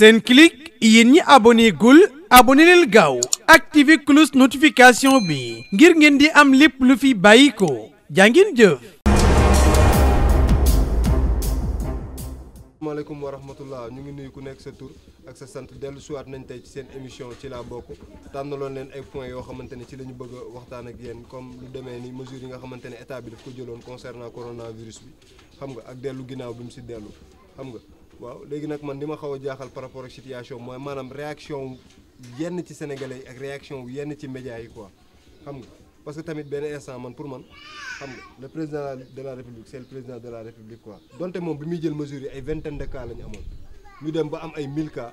Senclic yéen ñi abonné gul abonné leen gaaw activé cloche notification bi ngir ngeen di am lépp lu fi bàyyi ko jàngin jëf. asalaamaaleykum wa rahmatullah ñu ngi nuyu ku nekk sa tur ak sa sant dellu siwaat nañ tey ci seen émission ci la bokk tànnaloon leen ay points yoo xamante ne ci la ñu bëgg waxtaan ak yéen comme lu demee ni mesures yi nga xamante ne état bi daf ko jëloon concernant coronavirus bi xam nga ak dellu ginnaaw bi mu si dellu xam nga. waaw léegi nag man li ma xaw a jaaxal par rapport ak situation mooy maanaam réaction yenn ci sénégalais yi ak réaction yenn ci médias yi quoi xam nga parce que tamit benn instant man pour man xam nga le président de la république c'est le président de la république quoi. donte moom bi muy jël mesures yi ay vingtaine de cas amoon ñu dem ba am ay 1000 xam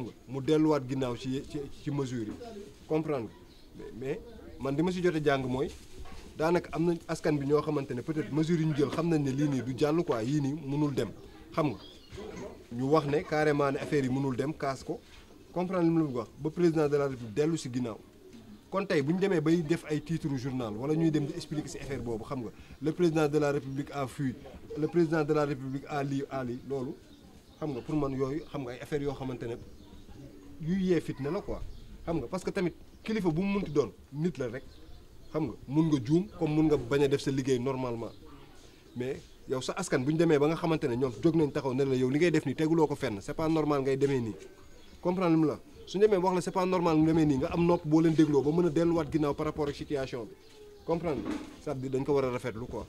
nga mu delluwaat ginnaaw ci ci ci mesures yi comprendre nga mais man li ma si jote jàng mooy. daanaka am na askan bi ñoo xamante ne peut-être mesure yi ñu jël xam nañ ne lii nii du jàll quoi yii nii mënul dem xam nga ñu wax ne carrément ne affaire yi mënul dem kaas ko comprendre li mu la wax ba président de la république dellu si ginnaaw kon tey bu ñu demee bay def ay titre journal wala ñuy dem di expliquer si affaire boobu xam nga le président de la république a fui le président de la république a lii a lii loolu xam nga pour man yooyu xam nga ay affaire yoo xamante ne yuy yee fitna la quoi xam nga parce que tamit kilifa bu mu munti doon nit la rek xam nga mun nga juum comme mun nga bañ a def sa liggéey normalement mais yow sa askan bu ñu demee ba nga xamante ne ñoom jóg nañ taxaw ne la yow li ngay def nii teguloo ko fenn c'est pas normal ngay demee nii comprendre mu la suñu demee wax la c'est pas normal nga demee nii nga am nopp boo leen dégloo ba mën a delluwaat ginnaaw par rapport ak situation bi comprendre c'est-à-dire dañ ko war a rafetlu ko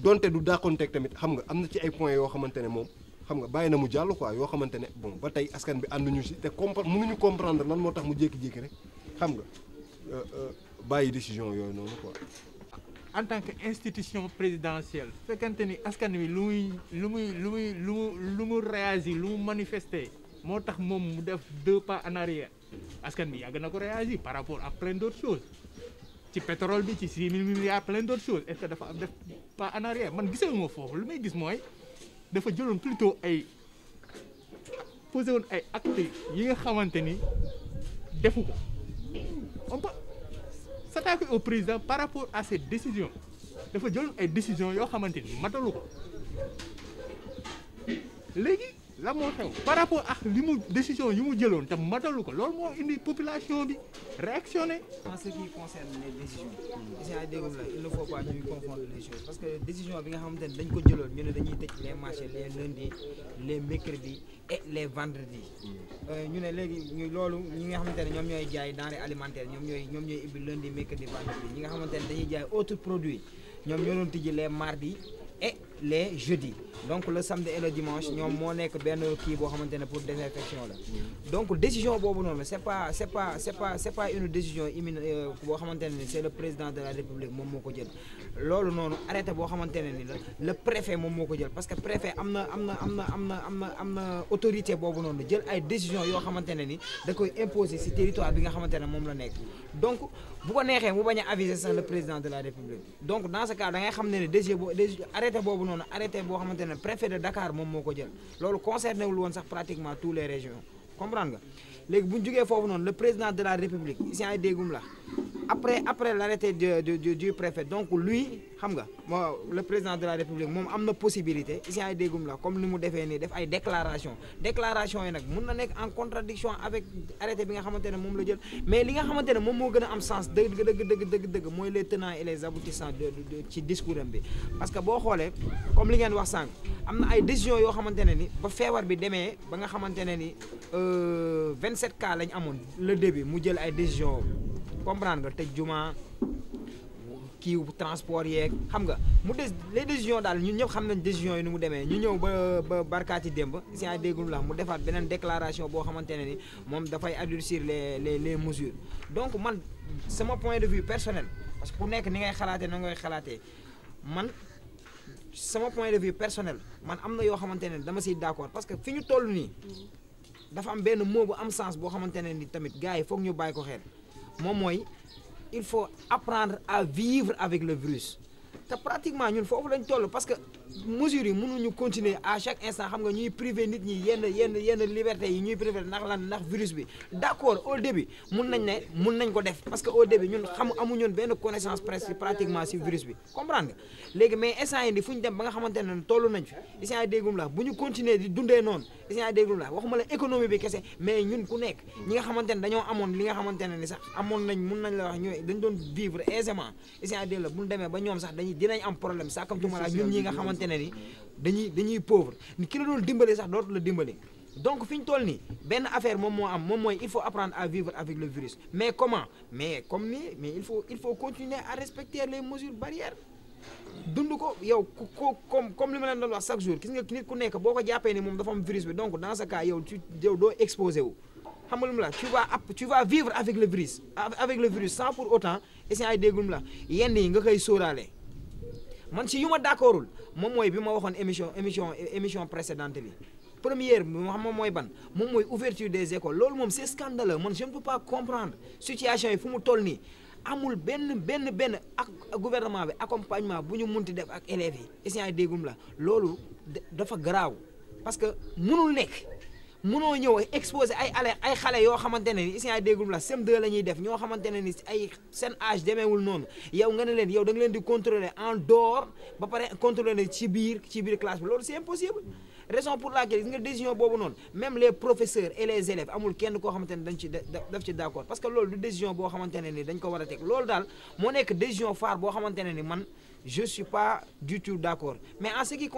donte du dàqonteeg tamit xam nga am na ci ay point yoo xamante ne moom xam nga bàyyi na mu jàll quoi yoo xamante ne bon ba tey askan bi ànduñu si te compre mënuñu comprendre lan moo tax jékki-jékki rek xam nga euh, euh, bàyyi décision yooyu noonu quoi en tant que institution présidentielle fekkante ni askan wi lu muy lu muy lu muy lu mu lu mu réagir lu manifester moo tax moom mu def deux pas en askan bi yàgg na ko réagir par rapport à plein d'autres choses ci pétrole bi ci six mille milliards plein d'autres choses est-ce que dafa am def pas en man gisee moo foofu lu may gis mooy dafa jëloon plutôt ay posé woon ay actes yi nga xamante ni defu ko s'attaquer au président par rapport à ses décisions dafa jël ay décisions yoo xamante ni matalu ko léegi. la moo xew par rapport ak li mu décision yi mu jëloon te matalu ko loolu moo indi population bi réactionné. en ce qui concerne les décisions. yaa dégg parce que décision bi nga xamante ne dañ ko jëloon ñu ne dañuy tëj les marchés les lundis les mercredis et les vendredis. Euh, ñu ne léegi ñu loolu ñi nga xamante ne ñoom ñooy jaay denrées alimentaires ñoom ñooy ñoom ñooy ubbi lundi mercredi vendredi ñi nga xamante ne dañuy jaay autres produits ñoom ñoo doon tijji les mardis. e les jeudis donc le samedi et le dimanche ñoom moo nekk benn kii boo xamante ne pour désinfection la donc décision boobu noonu c'est pas c'est pas c'est pas c'est une décision immune euh, boo xamante ni c'est le président de la république moom moo ko jël loolu noonu arrêté boo xamante ne ni la le préfet moom moo ko jël parce que préfet am na am na am na am na am na am na autorité boobu noonu jël ay décision yoo xamante ne ni da koy imposer ci territoire bi nga xamante ne moom la nekk donc bu ko neexee mu bañ a aviser sax le président de la république donc dans ce cas da xam ne ne DG boo arrêté boobu noonu arrêté boo xamante ne préfet de Dakar moom moo ko jël loolu concerné wul woon sax pratiquement tous les régions comprendre nga léegi bu ñu foofu noonu le président de la république si ay déggum la après après l'arrêté du du du préfet donc lui xam nga le président de la république moom am na possibilité si ay déggum la comme ni mu defee nii def ay déclaration déclaration yi nag mun na nekk en contradiction avec arrêté bi nga xamante ne moom la jël mais li nga xamante ne moom moo gën a am sens dëgg dëgg dëgg dëgg dëgg mooy les tenants et les aboutissants ci discours am bi parce que boo xoolee comme li ngeen wax sànq am na ay décision yoo xamante ne ni ba feebar bi demee ba nga xamante ne ni 27 euh, cas lañ amoon le début mu jël ay décision comprendre nga tëj juma kii transport yeeg xam nga mu des les décisions daal ñun ñëpp xam nañ décisions yi nu mu demee ñu ñëw ba ba barkaati démb si ay déggul la mu defaat beneen déclaration boo xamante ne ni moom dafay adoucir les les les mesures donc man sama point de vue personnel parce que ku nekk ni ngay xalaatee na ngay xalaatee man sama point de vue personnel man am na yoo xamante ne dama si d'accord parce que fi ñu toll nii dafa am benn mot bu am boo xamante ne ni tamit gars yi foog ñu bàyyi ko xel moom mooy il faut apprendre à vivre avec le virus te pratiquement ñun foofu lañ toll parce que mesures yi mënuñu continuer à chaque instant xam nga ñuy privé nit ñi yenn yenn yenn liberté yi ñuy privé ndax lan ndax virus bi d'accord au début mun nañ ne mun nañ ko def parce que au début ñun xam amuñu benn connaissance presque pratiquement ci virus bi comprendre nga léegi mais instant yi ni fu ñu dem ba nga xamante ne toll nañ fi instant yi déggum la bu ñu continuer di dundee noonu instant yi déggum la waxuma la bi kese mais ñun ku nekk ñi nga ne dañoo amoon li nga xamante ne ni sax amoon nañ mun nañ la wax ñooy dañ doon vivre aisément instant yi dégg ñoom sax dañuy dinañ am problème sàkkamtuma laa ñun ñi nga xamante ne ni dañuy dañuy pauvre ki la doon dimbali sax dootu la dimbali donc fi ñu toll nii benn affaire moom moo mooy il faut apprendre à vivre avec le virus mais comment mais comme nii mais il faut il faut continuer à respecter les mesures barrières dund ko li ma leen doon wax chaque nga nit boo ko jàppee ni am virus bi donc dans ce cas yow tu yow doo exposé wu xam le virus avec le virus sans pour autant essayé ay déggum la yenn yi nga koy sóoraale man si yu ma d'accordul moom mooy bi ma waxoon émission émission émission précédente bi premier bi ma xam moom mooy ban moom mooy ouverture des écoles loolu moom c'est scandaleux man je ne peux pas comprendre situation yi fu mu toll nii amul benn benn benn ak gouvernement bi accompagnement bu ñu mun ti def ak élèves yi étudiants yi la loolu dafa garaaw parce que munul nekk munoo ñëw exposé ay ale ay xale yoo xamante ne ni isient déggul la sem 2 la ñuy def ñoo xamante ne ni ay seen âge demeewul noonu yow nga ne leen yow da nga leen di contrôler en dehors ba pare contrôler ci biir ci biir classe bi loolu c'est impossible raison pour laquelle gis nga décision boobu noonu même les professeurs et les élèves amul kenn koo xamante ne dañ ci daf ci d'accord parce que loolu du décision boo xamante ne ni dañ ko war a teg loolu daal moo nekk décision phare boo xamante ne ni man je suis pas du mais en ce qui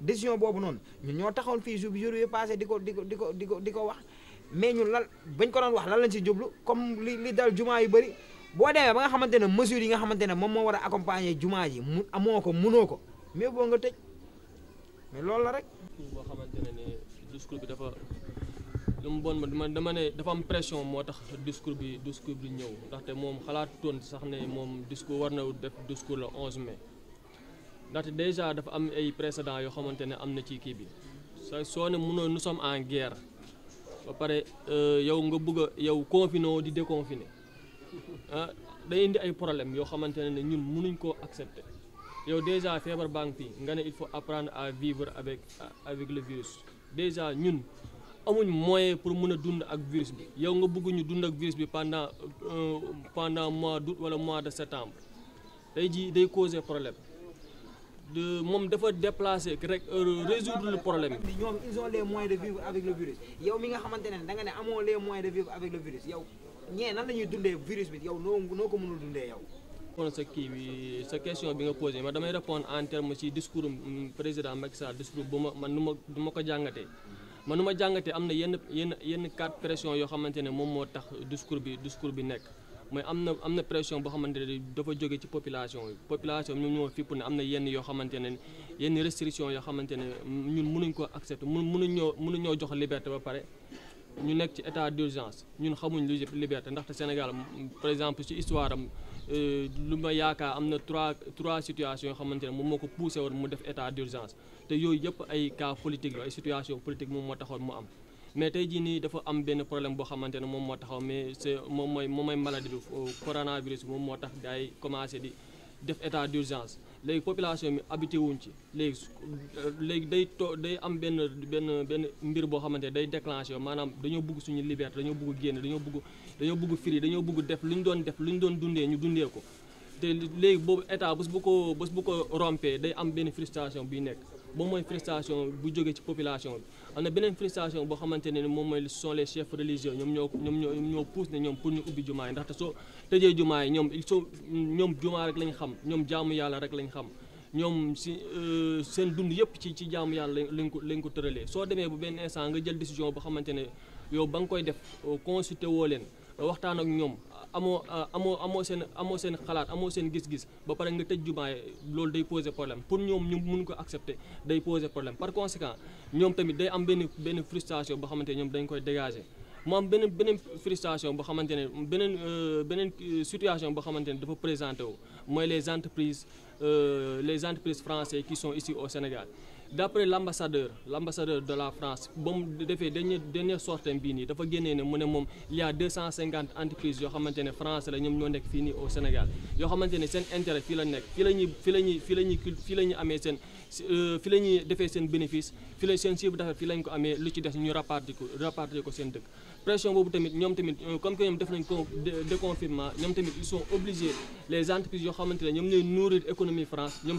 décision boobu noonu ñun ñoo taxawoon fii jour jour yi passé di ko di ko di ko di ko di ko wax mais ñun lan bañ ko doon wax lan lañ si jublu comme li li dal jumaa yu bëri boo demee ba nga xamante ne mesures yi nga xamante ne moom moo war a accompagner jumaa yi mu amoo ko munoo ko mais boo nga tëj mais loolu la rek. boo xamante ne discours bi dafa lu mu bon ma dama ne dafa am pression moo tax discours bi discours bi ñëw ndaxte moom xalaatutoon sax ne moom discours war na def discours le 11 mai. ndaxte déjà dafa am ay précédents yoo xamante ne am na ci kii bi sa soo ne mënoo nous sommes en guerre ba pare euh, yow nga bëgg a yow confiné di déconfiné ah day indi ay problèmes yoo xamante ne ñun mënuñ koo accepter yow déjà feebar baa ngi nga ne il faut apprendre à vivre avec avec le virus déjà ñun amuñ moyen pour mun a dund ak virus bi yow nga bëgg dund ak virus bi pendant euh, pendant mois d'août wala mois de septembre day jii day causer problème. moom dafa déplacer rek euh, résoudre le problème bi. ñoom ils ont de vivre avec le virus yow mi nga xamante ne da nga ne amoo les moyens de vivre avec le virus yow ñee nan la ñuy dundee virus bi yow noo noo ko mënul dundee yow. kon sa kii bi sa question bi nga posé ma damay répondre en terme ci discours mm, président Macky Sall discours bu ma man nu ma du ma ko jàngatee. man nu ma jàngatee am na yenn yenn yenn quatre pression yoo xamante ne moom moo tax discours bi discours bi nekk. mooy am na am na pression boo xamante ne dafa jóge ci population bi population bi ñoom ñoo fipp ne am yenn yoo xamante ne yenn restriction yoo xamante ne ñun mënuñ ko accepter mun mënuñ ñoo mënuñ ñoo jox liberté ba pare ñu nekk ci état d'urgence ñun xamuñ lu liberté ndaxte Sénégal par exemple ci histoire am euh, lu ma yaakaar am na trois trois situations yoo xamante ne moom moo ko poussé woon mu def état d'urgence te yooyu yëpp ay cas situation politique moom moo taxoon mu am mais tey jii nii dafa am benn problème boo xamante ne moom moo taxaw mais moom mooy moom mooy maladie bi coronavirus bi moom moo tax gars yi commencé di def état d'urgence léegi population bi habité wuñ ci léegi léegi day too day am benn benn benn mbir boo xamante ne day déclenché maanaam dañoo bugg suñu liberté dañoo bugg génn dañoo bugg dañoo bugg firi dañoo bugg def lu ñu doon def lu ñu doon dundee ñu dundee ko te léegi boobu état bés bu ko bés bu ko rompee day am benn frustration nekk ba mooy frustration bu jógee ci population bi am na beneen frustration boo xamante ne ni moom mooy sont les chefs religieux ñoom ñoo ñoom ñoo ñoo pousse ne ñoom pour ñu ubbi jumaa yi yi ñoom ils sont ñoom jumaa rek lañ xam ñoom jaamu yàlla rek lañ xam ñoom si euh, seen dund yëpp ci ci jaamu yàlla lañ ko lañ ko tëralee soo demee bu benn instant nga jël décision boo xamante ne yow ba nga koy def euh, consulté woo leen waxtaan ak ñoom amoo euh, amoo amoo seen amoo seen xalaat amoo seen gis-gis ba pare nga tëj jumaa yi loolu day poser problème pour ñoom ñu mun ko accepter day poser problème par conséquent ñoom tamit day am benn benn frustration boo xamante ne ñoom dañ koy dégager. mu am beneen beneen frustration boo xamante ne beneen euh, beneen euh, situation boo xamante ne dafa présenté wo mooy les entreprises les entreprises françaises qui sont ici au Sénégal. d'après l'ambassadeur l'ambassadeur de la France ba mu defee dernier ne sortie bi nii dafa génnee ne mu ne moom il y cent cinquante entreprises yoo xamante ne français la ñoom ñoo nekk fii nii au Sénégal yoo xamante ne seen intérêt fii la nekk fii la fii lañuy ñuy fii la ñuy fii la ñuy amee seen euh, fii la ñuy defee seen bénéfice fii la seen chiffre d'affaires fii lañ ko amee lu ci des ñu rapatrier ko rapatrier ko seen dëkk pression boobu tamit ñoom tamit euh, comme que ñoom def nañ ko déconfinement ñoom tamit ils sont obligés les entreprises yoo xamante ne ñoom ñooy nourrir économie France ñoom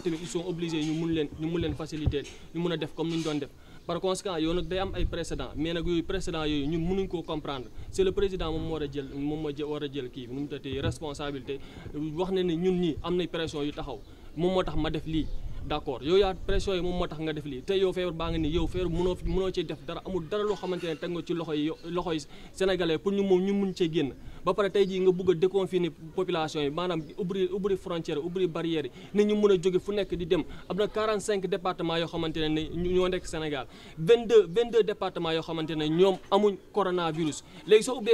leen ñu leen faciliter ñu mun a def comme ni ñu doon def par conséquent yow nag day am ay précédent mais nag yooyu précédent yooyu ñun mënuñ koo comprendre c'est le a jël moom moo war a jël kii wax na ne ñun ñi am na pression yu taxaw moom moo tax ma def lii d' accord yow yaa pression yi moom moo tax nga def lii te yow feebar baa nga nii yow feebar mënoo mënoo ci def dara amul dara loo xamante ne teg nga ci loxo yi loxo yi sénégalais pour ñu moom ñu mun cee génn ba pare tey jii nga bugg a déconfiner population yi maanaam ubbi ubbi frontière ubbi barrière yi nit ñu mën a jóge fu nekk di dem ab na cinq départements yoo xamante ne ni ñoo nekk Sénégal 22 22 départements yoo xamante ne ñoom amuñ coronavirus léegi soo bi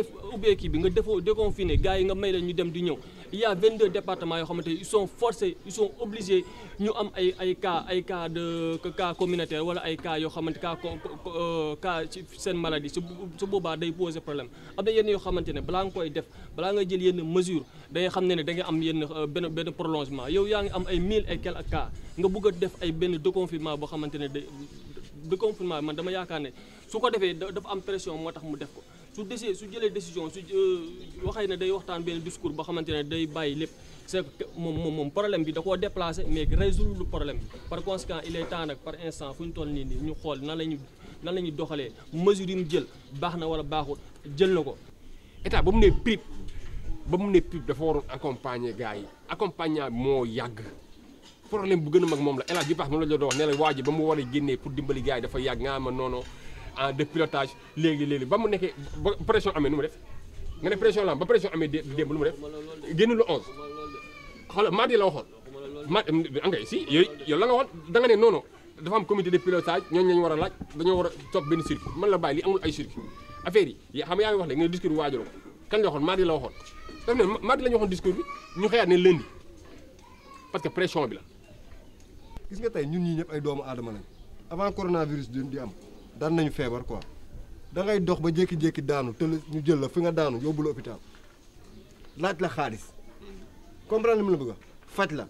nga defoo déconfiné gars yi nga may la ñu dem di ñëw il y de 22 yoo xamante ils sont forcés ils sont am ay ay cas ay cas de cas communautaire wala ay cas yoo xamante cas euh, cas ci seen maladie su su boobaa day poser problème am na yenn yoo xamante ne balaa nga koy def balaa nga jël yenn mesure da xam ne ne dangay am yenn euh, benn benn prolongement yow yaa ngi am ay mille et quelques cas nga bëgg a def ay benn déconfinement boo xamante ne day déconfinement man dama yaakaar ne su ko defee dafa am pression moo tax mu def ko su desee su jëlee décision su euh, waxee na day waxtaan benn discours boo xamante ne day bàyyi lépp c'est moom moom moom problème bi da koo déplacé mais résoudre le problème bi par conséquent il est temps nag par instant fu toll nii nii ñu xool nan la ñu nan la ñu doxalee mesure yi mu jël baax na wala baaxul jël na ko. état ba mu ne PRIP ba mu ne PRIP dafa waroon accompagner gars yi accompagnement moo yàgg problème bu gën a mag moom la El Hadj bi baax moom la doon wax ne la ba mu war a génnee pour dimbali gars yi dafa yàgg nga ma noonu. en de pilotage léegi léegi ba mu nekkee ba pression amee nu mu def nga ne pression la ba pression amee démb lu mu def génn lu 11 xoolal mardi la waxoon ma angay ah, la nga wax da nga ne non non dafa am comité de pilotage ñooñu lañu war laaj dañoo war a topp benn circuit mën la amul ay circuit affaire yi xam yaa ngi wax léegi nga discours waajal ko kan la waxoon mardi la waxoon daf ne mardi ñu waxoon discours bi ñu xëyaat ne lundi parce que pression bi la gis nga tey ñun ñii ñëpp ay doomu aadama lañ avant coronavirus di am daan nañu feebar quoi da ngay dox ba jékki-jékki daanu te ñu jël la fi nga daanu yóbbu la hôpital laaj la xaalis comprendre mu la bëgg faj la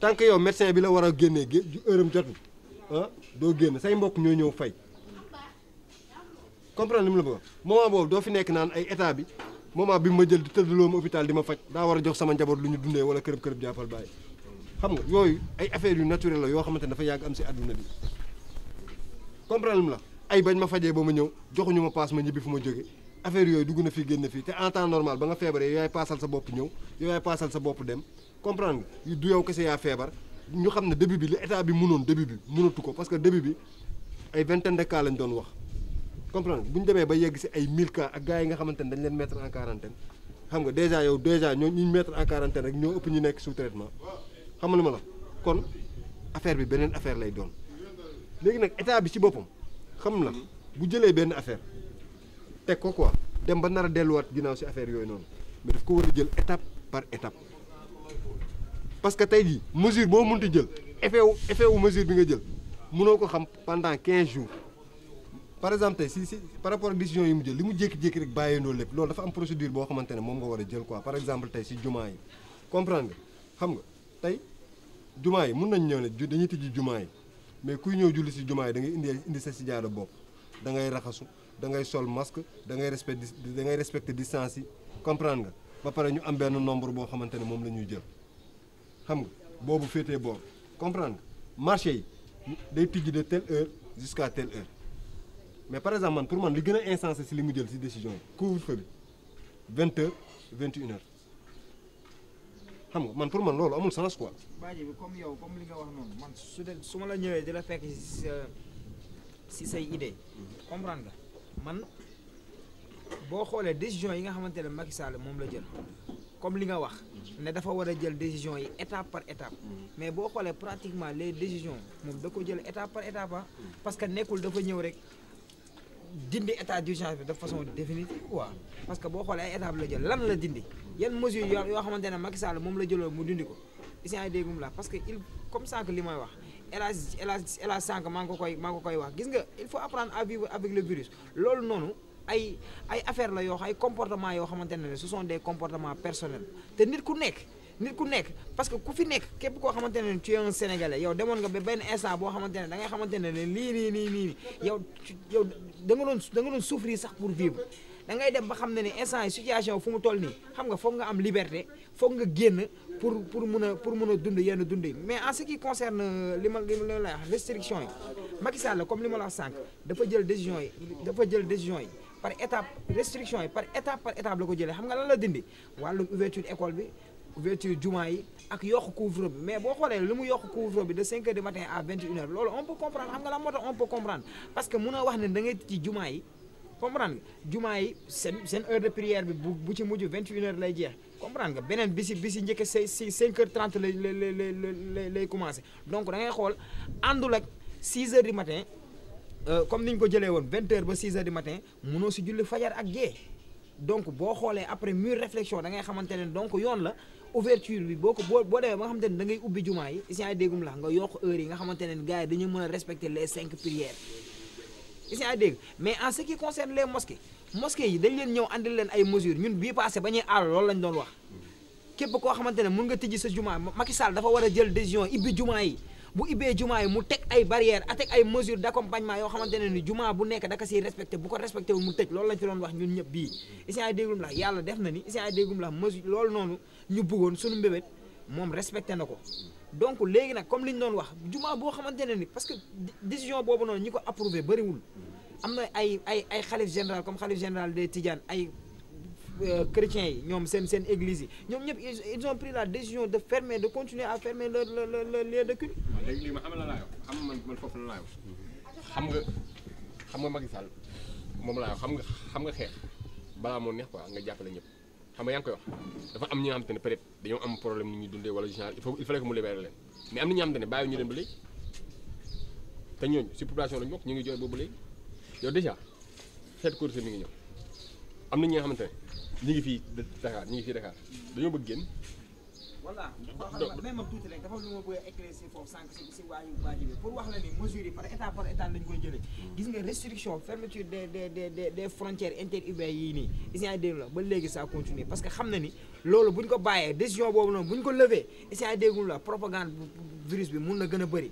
tant que yow médecin bi la war a génnee gé ërëm jotul ah doo génn say mbokk ñoo ñëw fay comprendre li mu la bëgg moment boobu doo fi nekk naan ay état bi moment bi ma jël di tëddaloo ma hôpital di ma faj daa war a jox sama njaboot lu ñu dundee wala kërëb kërëb jàppal bàyyi xam nga yooyu ay affaires yu naturel la yoo xamante ne dafa yàgg am si àdduna bi comprendre mu la ay bañ ma fajee ba ma ñëw joxuñu ma paas ma ñibbi fu ma jóge affaire yooyu dugg na fii génn fii te en temps normal ba nga feebaree yow yaay paasal sa bopp ñëw yow yaay paasal sa bopp dem comprendre nga du yow kese yaa feebar ñu xam ne début bi li état bi mënoon début bi mënatu ko parce que début bi ay vingtaine de cas lañ doon wax comprendre bu ñu demee ba yegg si ay 1000 cas ak gars yi nga xamante ne dañ leen mettre en quarantaine xam nga déjà yow déjà ñoo ñu mettre en quarantaine rek ñoo ëpp ñu nekk sous traitement xam nga ma la kon affaire bi beneen affaire lay doon léegi nag état bi ci boppam xam na bu jëlee benn affaire teg ko quoi dem ba nar delluwaat ginnaaw si affaire yooyu noonu mais daf ko war a jël étape par étape parce que tey jii mesure boo mënti jël effet wu effet wu mesure bi nga jël mënoo ko xam pendant quinze jours par exemple tey si si par rapport ak décision yi mu jël li mu jékki-jékki rek bàyyee loolu lépp loolu dafa am procédure boo xamante ne moom nga war a jël quoi par exemple tey si jumaa yi comprendre nga xam nga tey jumaa yi mun nañ ñëw ne dañuy tijji jumaa yi mais kuy ñëw julli si jumaa yi da ngay indi indi sa si jaada bopp da ngay raxasu da ngay sol masque da ngay respect da ngay respecté distance yi comprendre nga ba pare ñu am benn nombre boo xamante ne moom la ñuy jël xam nga boobu féetee boobu comprendre nga marché yi day tijji de telle heure jusqu'à telle heure mais par exemple man pour man li gën a insensé si li mu jël si décision yi couvre-feu bi vingt heures xam nga man pour man loolu amul sens quoi. baaji bi comme yow comme li nga wax noonu man su dee su ma la ñëwee di la fekk si say idée comprendre nga man boo xoolee décision yi nga xamante ne Macky Sall moom la jël comme li nga wax ne dafa war a jël décision yi étape par étape mais boo xoolee pratiquement les décision moom da ko jël étape par étape ah parce que nekkul dafa ñëw rek dindi état d'urgence bi de façon définitive quoi parce que boo xoolee étape la jël lan la dindi yan mesures yoo xamante ne Macky Sall moom la jëloon mu dindi ko isient déggum la parce que il comme sànq li may wax hélas hélas hélas sànq maa ngi ko koy maa ngi ko koy wax gis nga il faut apprendre à avec le virus loolu noonu ay ay affaire la yoo xam ay comportement yoo xamante ne ce sont des comportements personnels te nit ku nekk nit ku nekk parce que ku fi nekk képp koo xamante ne tu es un sénégalais yow demoon nga ba benn instant boo xamante ne da xamante ne lii nii nii nii yow yow da nga doon da nga doon sax pour vivre da ngay dem ba xam ne ni instant yi situation fu mu toll nii xam nga foog nga am liberté foog nga génn pour pour mun a pour mun a dund yenn dund yi mais en ce qui concerne euh, li ma li ma la restriction yi Macky Sall comme li ma la wax sànq dafa jël décision yi dafa jël décision yi par étape restriction yi par étape par étape la ko jëlee xam nga la la dindi wàllum ouverture école bi ouverture jumaa yi ak yokk couvre bi mais boo xoolee li mu yokk couvre bi de 5 heures du à 21 heures loolu parce que mun a ne da ngay ci jumaa yi. comprendre nga jumaa yi seen seen heure de prière bi bu bu ci mujj vingt une heures lay jeex comprendre nga beneen bi si bi si njëkk say si cinq heures trente lay lay lay lay commencé donc da ngay xool àndul ak six heures du matin euh, comme ni ñu ko jëlee woon vingt ba six heures du matin mënoo si julli fajar ak jee donc boo xoolee après mûre réflexion da ngay xamante ne donc yoon la ouverture bi boo ko boo boo demee ba nga xamante ne da ngay ubbi jumaa yi la nga yi nga xamante ne gars dañu mën a les cinq prières isin ce que mais en ce qui concerne les mosquées mosquées yi dañ leen ñëw andil leen ay mesures ñun bii passé ba ñuy aar loolu lañ doon wax képp koo xamante ne mun nga tijji sa jumaa Macky dafa war a jël décision ibbi jumaa yi bu ibbee jumaa yi mu teg ay barrières a teg ay mesures d'accompagnement yoo xamante ne ni jumaa bu nekk daka siy respecté bu ko respecté wu mu tëj loolu lañ ci doon wax ñun ñëpp bii isi ay déggum la yàlla def na ni isi ay déggum la loolu noonu ñu bëggoon suñu mbébét moom respecté na ko donc léegi nag comme li ñu doon wax jumaa boo xamante ne ni parce que décision boobu noonu ñi ko approuvé bëriwul am na ay ay ay xalif général comme xalif général des Tidianes ay euh, chrétiens yi ñoom seen seen église yi ñoom ñëpp ils ont pris la décision de fermer de continuer à fermer le le le lieu de culte. léegi lii ma xam la laa wax xam man man foofu la laa wax xam nga xam nga Macky Sall moom laa wax xam nga xam nga xeex balaa moo neex quoi nga jàppale ñëpp. xam nga yaa ngi koy wax dafa am ñi nga xamante ne peut dañoo am problème ni ñuy dundee wala genre il faut il fallait que mu libéré leen mais am na ne bàyyi ñu leen ba léegi te ñooñu si population lañu bokk ñu ngi jooy boobu léegi yow dèjà xeet korité mi ngi ñëw am na ñi nga xamante ne ñu ngi fii Dakar ñu ngi fii Dakar dañoo bëgg génn voilà même a éclaircir pour wax la ni mesures par état par état lañ koy jëlee hmm. gis nga restriction fermeture des des des des frontières inter urbaines yii nii isient dégg la ba léegi ça continue parce que xam na ni loolu buñ ko bàyyee décision boobu noonu buñ ko lever isient déggul la propagande virus bi mun na gën a bëri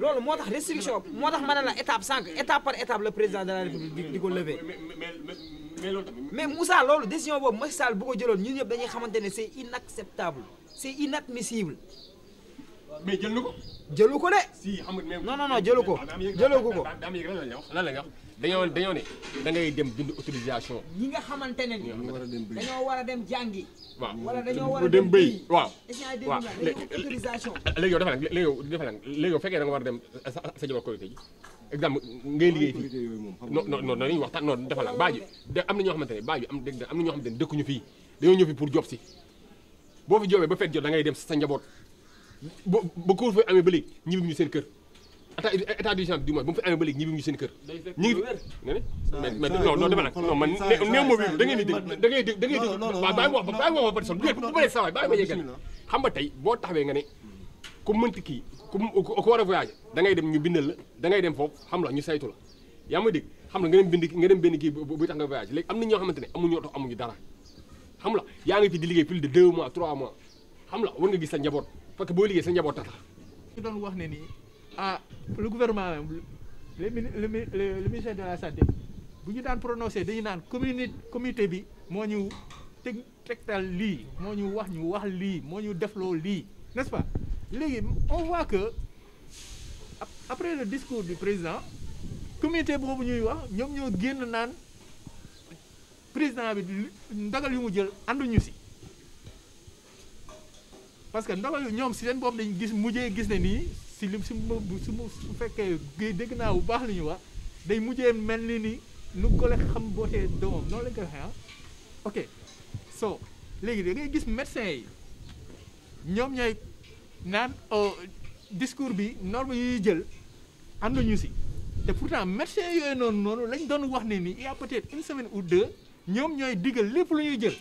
loolu moo tax restriction moo tax ma ne la étape sànq étape par étape le président de la république di ko lever mais Moussa loolu décision boobu Macky Sall bu ko jëloon ñun c'est inadmissible. mais jël na ko. jëlu ko de. si xam nga non non non jëlu ko jëlu ko ko. daa ma yëg lan la wax lan dañoo dañoo ngay dem bind autorisation. ñi nga xamante ne ni dañoo war a dem jàngi. waaw wala a dem béy waaw. waaw dem sa sa jabar Korité ji exemple ngay liggéey fii non non non dañuy waxtaan non dafa nag baa ji am na ñoo xamante baaj baa ji am am na ñoo xamante ne dëkkuñu fii dañoo ñëw fi pour job si boo fi joobee ba fet jot da ngay dem sa njaboot ba ba ko fa amee ba léegi ñibbi ñu seen kër état état d'urgence du moins ba mu fi amee ba léegi ñibbi ñu seen kër. ñu ngi mais non non dama nag non man néew ma wér da ngeen di dégg da ngay dégg da ngay dégg waaw bàyyi ma wax bàyyi ma wax ba sol bu bëree sawaay bàyyi ma yeggal xam nga tey boo taxawee nga ne ku mënti kii ku ku war a voyagé da ngay dem ñu bindal la da ngay dem foofu xam la ñu saytu la yaa ma dégg xam la nga dem bind nga dem benn kii bu tax nga voyagé léegi am na ñoo xamante ne amuñu oto amuñu dara xam la yaa ngi fi di liggéey plus de deux mois trois mois xam la war nga gis sa njaboot parce que boo liggéey sa njaboot tax ñu doon wax ne nii ah le gouvernement même le ministère de la santé bu ñu daan prononcé dañu naan communi comité bi moo ñu teg tegtal lii moo ñu wax ñu wax lii moo ñu defloo lii n'est-ce pas léegi on voit que après le discours du président comité boobu ñuy wax ñoom ñoo génn naan président bi ndogal yu mu jël ànduñu si parce que ndogal yu ñoom si leen boobu dañu gis mujjee gis ne nii si li si su su fekkee géey dégg naa bu baax li ñu wax day mujjee mel ni ni lu ko la xam bootee doomam noonu lañ ko waxee ah ok so léegi da ngay gis médecin yi ñoom ñooy naan euh, bi norme yuy jël ànduñu si te pourtant médecin yooyu noonu noonu lañ doon wax ne ni il y a peut une semaine ou deux ñoom ñooy digal lépp lu ñuy jël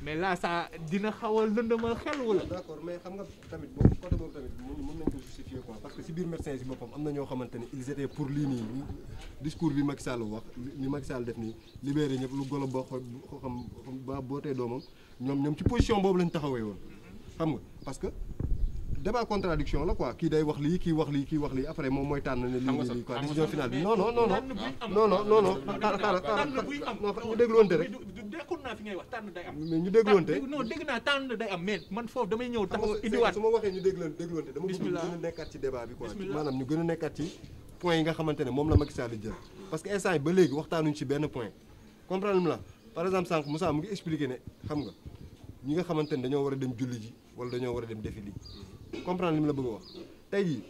mais là ça dina xaw a lëndëmal xel wala. d'accord mais xam nga tamit boobu côté boobu tamit mën nañ ko justifier quoi parce que si biir médecin si boppam am na ñoo xamante ni ils étaient pour lii nii discours bi Macky Sall wax li Macky Sall def nii libéré ñëpp lu golo boo xoo xam ba bootee doomam ñoom ñoom ci position boobu lañ taxawee woon xam nga parce que. débat contradiction la quoi kii day wax lii kii wax lii kii wax lii après moom mooy tànn ne lii lii quoi décision finale bi non non non non non non non non xaaral xaaral xaaral ñu dégluwante rek d'accord naa fi ngay wax tànn day am mais ñu dégluwante non dégg naa tànn day am mais man foofu damay ñëw taxaw indiwaat su ma waxee ñu dégluwante dégluwante dama bëgg ñu gën a nekkaat ci débat bi quoi maanaam ñu gën a nekkaat ci point yi nga xamante ne moom la Macky Sall jël parce que instant yi ba léegi waxtaanuñ ci benn point comprendre la par exemple sànq Moussa mu ngi expliqué ne xam nga ñi nga xamante ne dañoo war a dem julli ji wala dañoo war a dem defi lii comprendre li la bëgg wax tey jii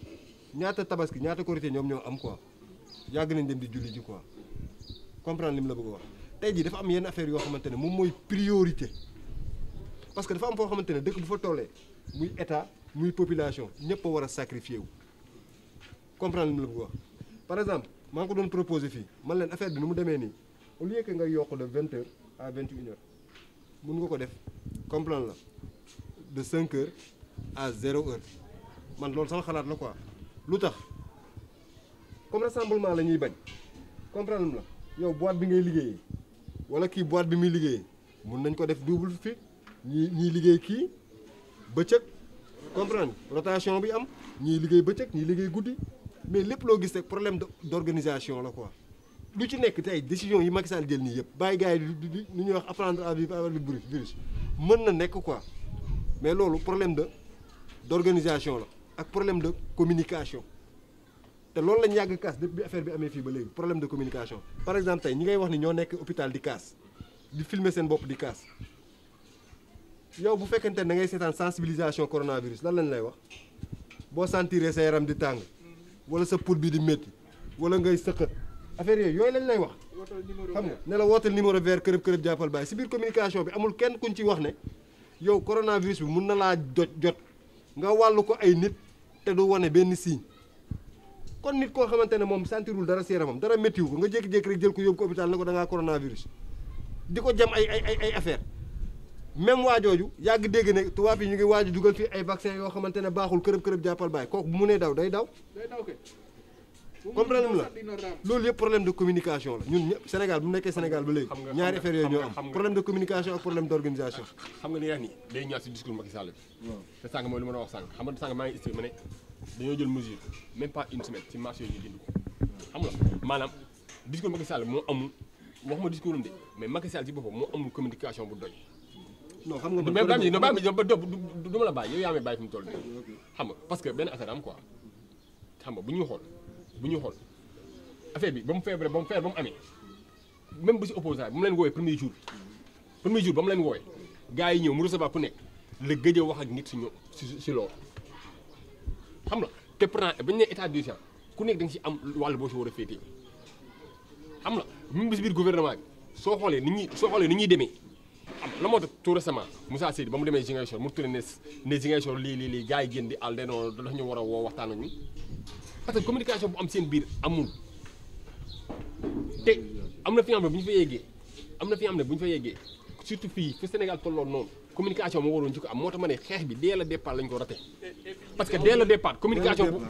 ñaata tabaski ñaata korité ñoom ñoo am quoi yàgg nañ dem di julli ji quoi comprendre li mu la bëgg wax tey jii dafa am yenn affaire yoo xamante ne moom mooy priorité parce que dafa am foo xamante ne dëkk bu fa tollee muy état muy population ñëpp a war a sacrifier wu comprendre li mu la bëgg wax par exemple maa ngi ko doon proposé fii man leen affaire bi nu mu demee nii au lieu que nga yokk de vingt heures à vingt et mun nga ko def comprendre la de cinq à zéro man loolu sama xalaat la quoi lu tax comme rassemblement la ñuy bañ comprendre la yow boîte bi ngay liggéeyee wala kii boîte bi muy liggéeyee mun nañ ko def double fi ñii ñuy liggéey kii bëccëg comprendre rotation bi am ñii liggéey bëccëg ñii liggéey guddi mais lépp loo gis rek problème d'organisation la quoi lu ci nekk tey décision yi Macky Sall jël nii yëpp bàyyi gars yi ñu wax apprendre à vivre avec le mën na nekk quoi mais loolu problème d'organisation la ak problème de communication te loolu lañ yàgg kaas depuis bi affaire bi amee fii ba léegi problème de communication par exemple tey ñi ngay wax ni ñoo nekk hôpital di kaas di filmer seen bopp di kaas yow bu fekkente ne da ngay seetaan sensibilisation coronavirus la lañu lay wax boo sentiree sa yaram di tàng wala sa put bi di métti wala ngay sëqat affaire yooyu yooyu lañ lay wax xam ne la wootal numéro vert kërëb kërëb jàppal bàyyi si biir communication bi amul kenn kuñ wax ne yow coronavirus bi mun na laa jot jot nga wàllu ko ay nit te du wane benn signe kon nit koo xamante ne moom santirul dara si moom dara méttiwu ko nga jékki-jékki rek jël ko yóbbu ko hôpital ne ko da korona coronavirus di ko jam ay ay ay ay affaire même waa jooju yàgg dégg ne tuwaab yi ñu ngi waaju dugal fii ay vaccin yoo xamante ne baaxul kërëb kërëb jàppal bàyyi kooku bu mu nee daw day daw. comprendre mu la loolu yëpp problème de communication la ñun ñëpp Sénégal bu nekkee Sénégal ba léegi ñaari affaire yooyu ñoo am problème de communication ak problème d'organisation xam nga ni yaa nii ma la wax sànq xam nga ma ne dañoo jël mesure même pas une ci marché yi ñu ko xam nga maanaam discours Macky Sall moo amul wax ma discours am moo amul communication bu doy non xam nga man problème bi non bàyyi ma du ma la bàyyi yow yaa may bàyyi fi mu toll nii xam nga parce que benn affaire am quoi xam nga bu ñuy xool bu ñu xool affaire bi ba mu feebaree ba mu feebar ba mu amee même bu si opposant bi mu leen woowee premier jour bi premier jour ba mu leen woowee gars yi ñëw mu recevoir ku nekk la gëj a wax ak nit si ñu si si loolu. xam nga te pourtant bañ ne état d'urgence ku nekk da nga si am wàll boo si war a féetee xam nga même bi si biir gouvernement bi soo xoolee ni ñuy soo xoolee ni ñuy demee. am la moo tax tout récemment Moussa Seydi ba mu demee Ziguinchor mu tourné ne ne Ziguinchor lii lii lii gars yi génn di àll de ñu war a woo waxtaan ak parce que communication bu am seen biir amul te am na fi nga xam ne bu ñu fa yeggee am na fi nga xam ne bu ñu fa yeggee surtout fii fu Sénégal tolloon noonu communication moo waroon ci am moo tax ma ne xeex bi dès ko communication bu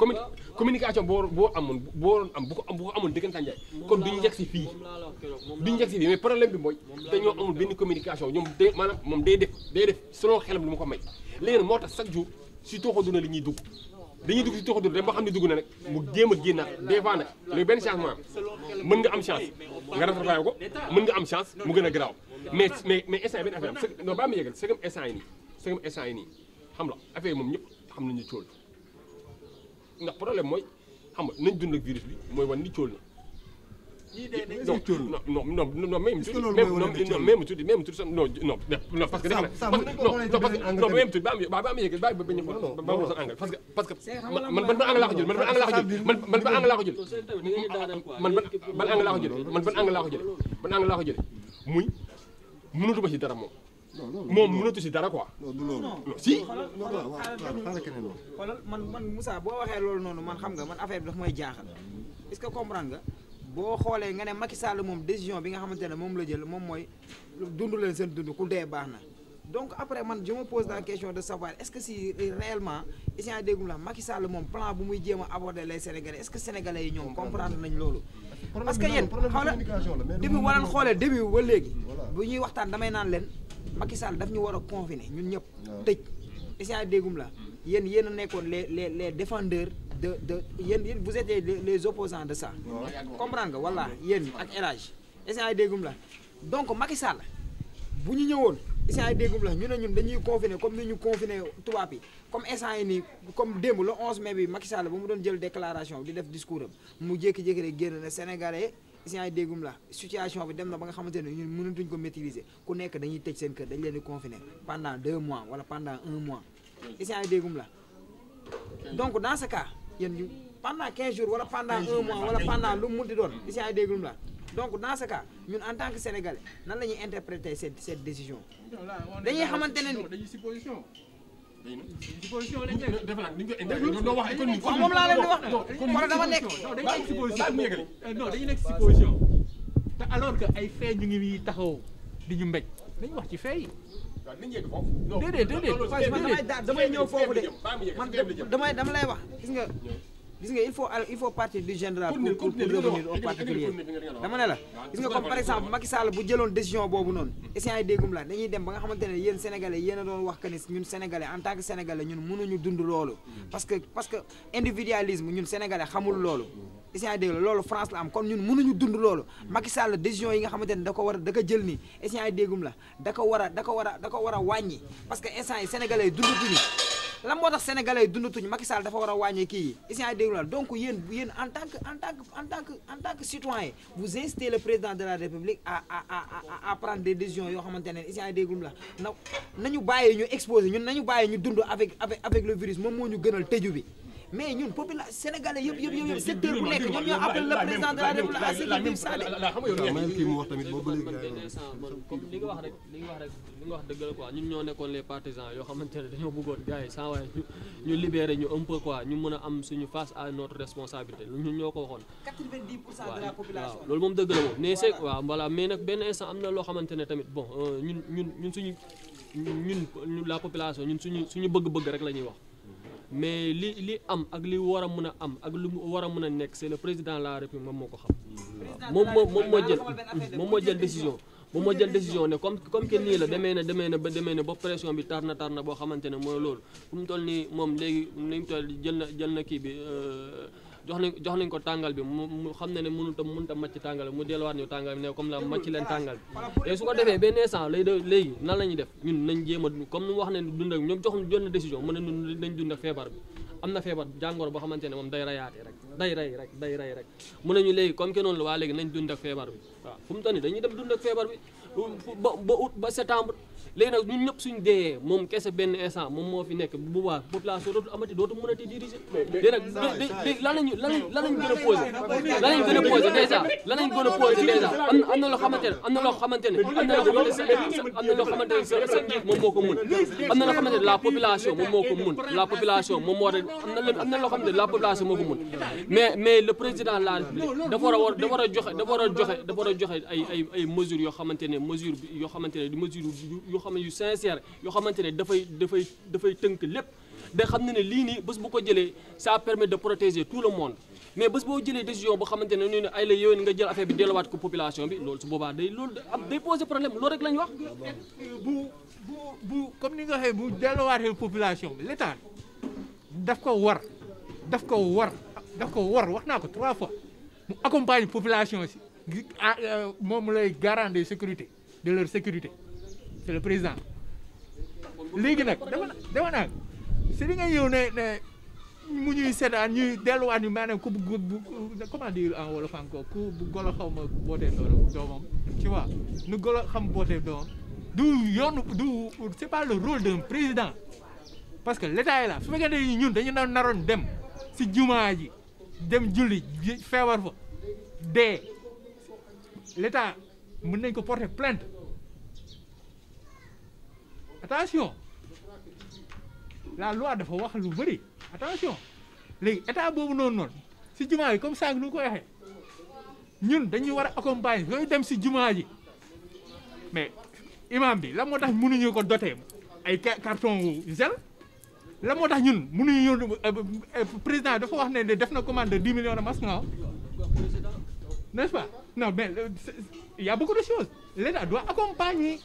communication boo boo boo waroon am bu ko am bu ko amoon dëggantaan njaay kon duñu yegg si fii duñu yegg si fii mais problème bi mooy dañoo amul benn communication ñoom day maanaam moom day def day def selon xelam lu mu ko may léegi moo tax chaque jour si tooxoo duna li ñuy dugg dañuy dugg si toxu dem ba xam ne dugg na nag mu jéem a génnaat des fois nag léegi benn chance moo am mën nga am chance nga rattrapé ko mën nga am chance mu gën a garaaw mais mais mais instant yi baa ma yëgal sëgam instant yi nii sëgam instant yi la affaire yi moom ñëpp xam nañu cóol ndax problème mooy xam nga nañ dund ak virus bi mooy wan ni cóol na non non non même tuuti même tuuti même tuuti non non non parce que non non même tuuti ba am ba am yëg ba ba bañ ba amul sax angle parce que parce que man ban angle laa ko jël man ban angle laa ko jël man ban angle laa ko jël man ban angle laa ko jël man ban angle laa ko jël ban angle laa ko jël muy mënatu ba ci dara moom moom mënatu si dara quoi. non non non si. xoolal man man Moussa boo waxee loolu noonu man xam nga man affaire bi daf may jaaxal est-ce que comprendre nga. boo xoolee nga ne Macky Sall moom décision bi nga xamante ne moom la jël moom mooy dund leen seen dund ku dee baax na donc après man je me pose la question de savoir est-ce que si réellement isient déggum la Macky Sall moom plan bu muy jéem a aborder les Sénégalais est-ce que Sénégalais yi ñoom comprendre nañ loolu parce que yéen xoola début walan xoolee début ba léegi bu ñuy waxtaan damay naan leen Macky Sall daf ñu war a confiner ñun ñëpp tëj isient déggum la yéen yéen nekkoon les les les défendeurs de de yéen yéen vous êtes les les opposants de ça. comprendre nga voilà yéen ak El Hadj. ay déggum la donc Macky bu ñu ñëwoon. instant yi déggum la ñu ne ñun dañuy confiné comme ni ñu confiné tubaab yi comme instant yi nii comme démb le 11 mai bi Macky Sall ba doon jël déclaration di def discours am mu jékki-jékki rek génn na Sénégalais instant yi déggum la situation bi dem na ba nga xamante ne ñun mënatuñ ko maîtriser ku nekk dañuy tëj seen kër dañ leen di confiné pendant deux mois wala pendant mois instant yi déggum la donc dans ce cas. yéen ñu pendant 15 jours wala pendant un mois wala pendant lu mu munti doon di si ay déglum la donc dans ce cas ñun en tant que sénégalais nan la ñuy interpréter cette cette décision. dañuy xamante ne ni dañuy supposition. supposition lañ nekk defe naa ni ñu wax économie. moom laa leen di wax nag war dama nekk. dañuy nekk supposition euh, non te alors que ay fee ñu ngi taxaw di ñu mbéj dañu wax ci fee yi. déedéet déedéet damay ñëw foofu de man damay dama lay wax gis nga gis nga il faut il faut partir du général dama ne la gis nga comme par exemple bu jëloon décision boobu noonu essient yi déggum la dañuy dem ba nga xamante ne yéen sénégalais yéen a doon wax que ne ñun sénégalais en tant que ñun mënuñu dund loolu parce que parce que individualisme ñun sénégalais xamul loolu essient yi dégg la loolu France la am kon ñun mënuñu dund loolu Macky Sall décision yi nga xamante ne da ko war a da ko jël nii essient yi déggum la da ko war a da ko war a da ko war a wàññi parce que instant yi sénégalais yi dundatuñu la moo tax sénégalais dundatuñu Macky Sall dafa war a wàññi kii yi is naa déglu donc yéen yéen en tant que en tan que en tant que en tant que citoyen vous incitez le président de la république à à à à prendre des décisions yoo xamante ne is naa déglu la na nañu bàyyi ñu exposé ñun nañu bàyyi ñu dund avec avec avec le virus moom moo ñu gënal tëju bi. mais ñun population sénégalais yëpp yëpp yëpp secteur bu nekk ñoom ñoo appelé le président de la république à ce qu'il sale comme li nga wax rek li nga wax rek li nga wax dëgg la ñun ñoo nekkoon les partisans yoo xamante ne dañoo bëggoon gars yi sans waaye ñu libéré ñu un peu quoi ñu mën a am suñu face à notre responsabilité ñun ñoo ko waxoon 90 pour cent de la population loolu moom dëgg la moom mais c'est waaw voilà mais nag benn instant am na loo xamante ne tamit bon euh, ñun ñun ñun suñu ñun la population ñun suñu suñu bëgg-bëgg rek la ñuy wax mais li li am ak li war a mën a am ak lu war a mun a nekk c'est le président la république moom moo ko xam. moom moo moom moo jël moom moo jël décision. moom moo jël décision ne comme comme que nii la demee na demee na ba demee na ba pression bi tar na tar na boo xamante ne mooy loolu fu mu toll nii moom léegi ni mu toll jël na jël na kii bi. Euh, jox nañ jox nañ ko tàngal bi mu xam ne ne mënut a mënut a màcc tàngal bi mu delluwaat ñu tàngal bi ne comme la màcc leen tàngal bi léegi su ko defee benn instant léegi nan la def ñun nañ jéem comme nu wax ne dund dund ak feebar bi am na feebar jàngoro boo xamante ne moom day rayaate rek day ray rek mu ne ñu léegi comme que noonu la léegi nañ dund ak feebar bi waaw fu mu toll nii dañuy dund ak feebar bi ba ba août ba septembre léegi nag moom kese benn instant moom moo fi nekk bu boobaa population dootu amati dootu mën a di diriger a posé lan la population moom moo ko moo rek am na am na loo xamante ne la population moo ko mun mais mais le président de la république dafa war a war dafa war a joxe dafa war a joxe dafa war a joxe ay ay ay mesures yoo xamante ne mesure yoo xamante ne mesure xam na yu sincère yoo xamante ne dafay dafay dafay tënk lépp da xam ne ne lii nii bés bu ko jëlee ça permet de protéger tout le monde mais bés boo jëlee décision boo xamante ne ne ay la yowén nga jël affaire bi delluwaat ko population bi loolu su boobaa day loolu am day poser problème loolu rek la wax bu bu bu comme ni nga waxee bu delluwaatee population bi l'état daf ko war daf ko war daf ko war wax naa ko trois fois mu accompagne population si ah, euh, moom lay garantir sécurité de sécurité c'est le président léegi nag dama dama nag li nga yëw ne ne mu ñuy seetaan ñuy delluwaat ñu maanaam ku bu bu comment dire en ku bu golo xaw ma bootee doomam tu vois nu golo xam bootee doomam du yoon du c'est pas le rôle d'un président parce que l'état est là su fekkee ne ñun dañu naroon dem si jumaa ji dem julli feebar fa dee l'état mën nañ ko porter plainte attention la loi dafa wax lu bëri attention léegi état boobu noonu noon si jumaa yi comme sànq nu ko waxee ñun dañuy war a accompagner yooyu dem si jumaa yi mais imam bi la moo tax mënuñu ko doter ay carton wu gel la moo tax ñun mënuñu yónni euh, euh, président dafa wax ne def na commande de 10 de masques n'est-ce pas non mais euh, il y a beaucoup de choses l'État doit accompagner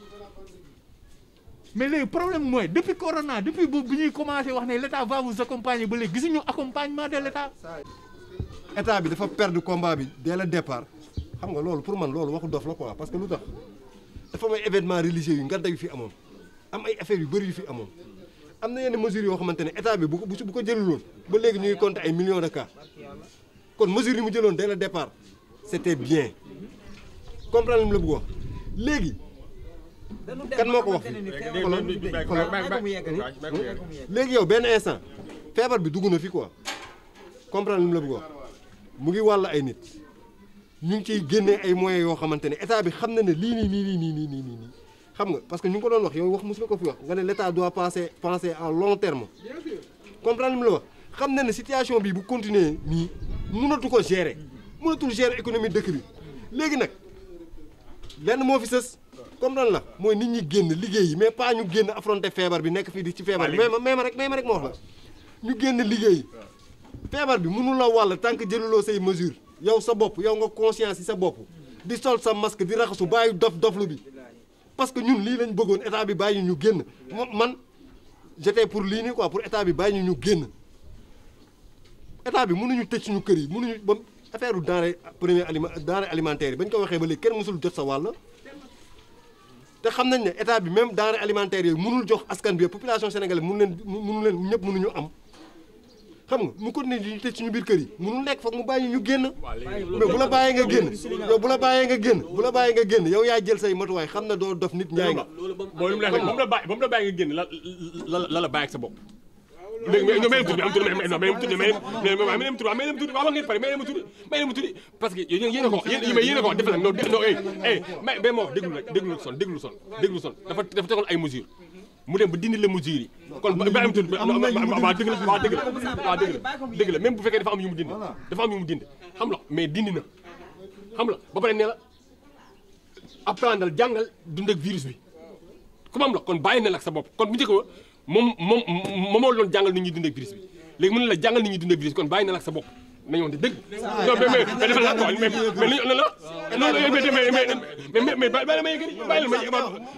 mais léegi problème mooy depuis corona depuis bu bu ñuy commencé wax ne l' état sa vous ba léegi gisuñu accompagnement de l' état. bi dafa perdre combat bi dès le départ xam nga loolu pour man loolu waxu dof la quoi parce que lu tax dafa may ay événement religieux yu nganda yu fi amoon am ay affaires yu bëri yu fi amoon am na yenn mesures yoo xamante ne état bi bu ko bu ko jëluloon ba léegi ñu ngi compter ay millions de cas kon mesures yi mu jëloon dès le départ c' était bien comprendre li mu la bëgg wax léegi. kan moo ko wax léegi yow benn instant feebar bi dugg na fi quoi comprendre lu mu la bëgg wax mu ngi wàll ay nit ñu ngi ciy génnee ay moyens yoo xamante ne état bi xam na ne lii nii nii nii nii nii xam nga parce que ñu ngi ko doon wax yow wax mosu ko fi wax nga ne l' état doit penser penser en long terme comprendre lu la wax xam na ne situation bi bu continuer nii mënatu ko gérer mënatul gérer économie dëkk bi léegi nag lenn moo fi sës comme comprendre la mooy nit ñi génn liggéey yi mais pas ñu génn affronter feebar bi nekk fii di ci feebar bi mais ma mais ma rek mais ma rek ma wax la ñu génn liggéey feebar bi mënu la wàll tant que jëluloo say mesure yow sa bopp yow nga conscience sa bopp di sol sa masque di raxasu bàyyi dof doflu bi parce que ñun lii lañ bëggoon état bi bàyyi ñu génn man j'étais pour lii nii pour état bi bàyyi ñu génn état bi mënuñu tëj suñu kër yi mënuñu ba affaire u denrée premier aliment denrée alimentaire yi bañ ko waxee ba léegi kenn mësul jot sa wàll te xam nañ ne état bi même denrée alimentaire yooyu mënul jox askan bi population sénégalaise mënu leen mënu leen ñëpp ñu am xam nga mu continuer di tëj suñu biir kër yi mënul nekk foog mu bàyyi ñu génn mais bu la bàyyee nga génn yow bu la bàyyee nga génn bu la bàyyee nga génn yow yaay jël say matuwaay xam na doo dof nit ñaay nga moom la bàyyi nga génn la la la bàyyi ak sa bopp dégg nga may dem tuuti am tuuti non may dem tuuti may dem tuuti may dem tuuti waaw ngeen pare may dem tuuti may dem tuuti parce que yéen a ko wax yéen a ko wax def na non non mu dem ba dindi la mesures yi kon ba am tuuti waaw dëgg la waaw dëgg la waaw dëgg la mu dindi dafa am yu mu dindi xam la dindi na xam la ba pare nee la apprendre jàngal virus bi comme am la kon bàyyi na la ak sa bopp kon bu njëkk ba moom moom moom moo doon jàngal nit ñuy dundee virus bi léegi mën na la jàngal nit ñuy dundee virus kon bàyyi na la ak sa bopp nañu wax dëgg. non mais mais dafa la mais mais nañu la. non mais mais mais mais bàyyi la ma yëgër bàyyi la ma yëgër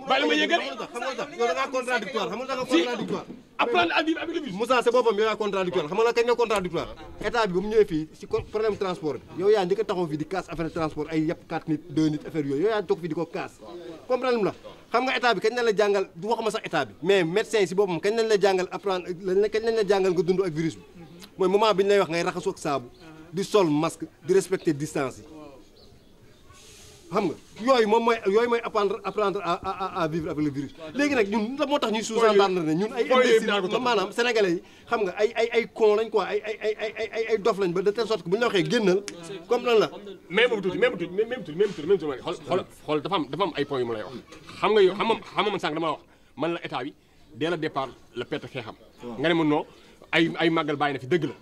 bàyyi la ma yëgër. xam nga yow da ngaa contradictoire xam nga da nga contradictoire. apprendre à vivre avec le virus. Moussa sa boppam yow yaa contradictoire xam nga la kañ la contradictoire état bi ba mu ñëwee fii si problème transport bi yow yaa njëkk a taxaw fii di casse affaire transport ay yàpp quatre nit deux nit affaire yooyu yow yaa toog fii di ko casse comprendre la xam nga état bi kañ lañ la jàngal du waxuma sax état bi mais médecin yi si boppam kañ lañ la jàngal apprendre kañ lañ la jàngal nga dund ak virus bi mhm. mooy moment bi ñu lay wax ngay raxasu ak saabu di sol masque di respecter distance yi xam nga yooyu moom mooy yooyu mooy apprendre apprendre à à vivre avec le virus léegi nag ñun moo tax ñuy sous-entendre ne ñun ay imbécile maanaam sénégalais yi xam nga ay ay ay lañ quoi ay ay dof lañ ba de telle sorte que bu ñu la waxee génnal comme lan la xool xool dafa am dafa am ay points yu ma lay wax xam nga yow xam nga man sànq dama la wax man la état bi dès le départ la perte xeexam nga ne ma non ay ay màggal bàyyi na fi dëgg la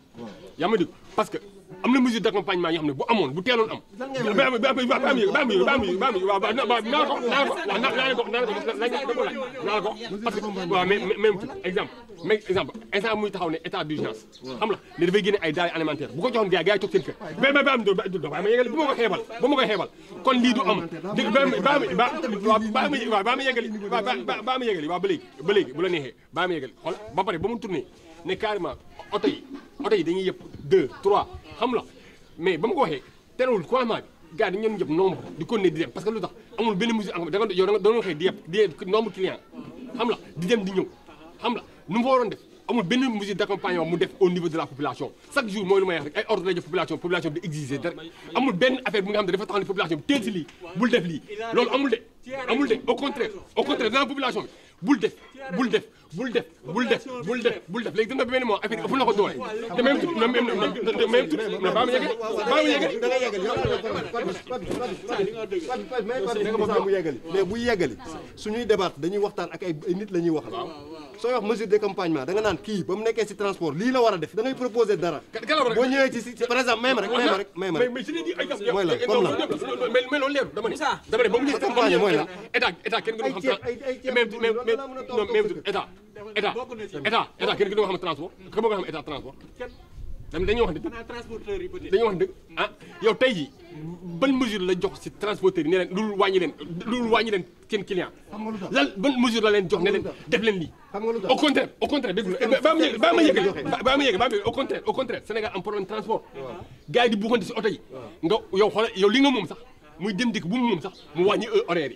yaa ma dégg parce que am na mesure d'accompagnement yoo xam ne bu amoon bu teeloon am. lan ngay wax ba am ba am yëg ba am yëg ba am yëg ba am yëg waaw waaw naa ko naa ko waaw naa naa ko naa ko naa ko parce que waaw mais même exemple mais exemple instant muy taxaw ne état d'urgence. xam la ne dafay génne ay denrées alimentaires bu ko joxoon gars yi gars yi toog seen kër. ba ba ba am du dox waaye ma yegale bu ma ko xeebal bu ma ko xeebal kon lii du am dégg ba ba ba ba waaw ba ma yegali ba ba ba ma yegali waaw ba léegi ba léegi bu la neexee ba ma yegali xool ba pare ba mu tourné ne carrément oto yi oto yi dañuy yëpp deux trois xam la mais ba ma ko waxee terewul croisement bi gars yi dañu ñëpp nombre di continuer di dem parce que lu tax amul benn mesure encore di yëpp nombre client xam di dem di ñëw xam la nu mu fa waroon def amul benn mesure d'accompagnement mu def au niveau de la population chaque jour mooy lu may wax rek ay ordre la di exiger dara amul benn affaire bi nga xam ne dafa tax ne population bi teel si bul def lii loolu amul de amul de au def bul def bul def bul def bul def léegi dina benn moo affaire ëpp na ko doole te même tuuti na même na même tuuti na baamu yeggee baamu yeggee. da ngay yeggali da nga ma baamu yeggali mais bu yeggali suñuy débat dañuy waxtaan ak ay nit la ñuy waxal. sooy wax mesure d'accompagnement da nga naan kii ba mu nekkee si transport lii la war a def da ngay proposé dara. boo ñëwee ci si par exemple même rek même rek même rek. mooy lan comme lan. mais loolu leerul dama ne. dama ne ba mu ñëwee accompagné mooy lan. état état kenn gënu ko xam. ay ay ceeb même même non même état état état kenn gënu ko xam transport. xam nga xam état transport. dam dañuy wax ne transporteur yi dañuy wax ne ah yow tey jii ban mesure la jox si transporteur yi ne leen loolu wàññi leen loolu wàññi leen seen client lan ban mesure la leen jox ne leen def leen lii au contraire au contraire dégg nga ba ma yëg ba ma yëg ba ma yëg ba ma yëg au contraire au contraire Sénégal am problème transport gars yi di buuxante si oto yi nga yow xoolal yow li nga moom sax muy dem dikk bu mu moom sax mu wàññi horaire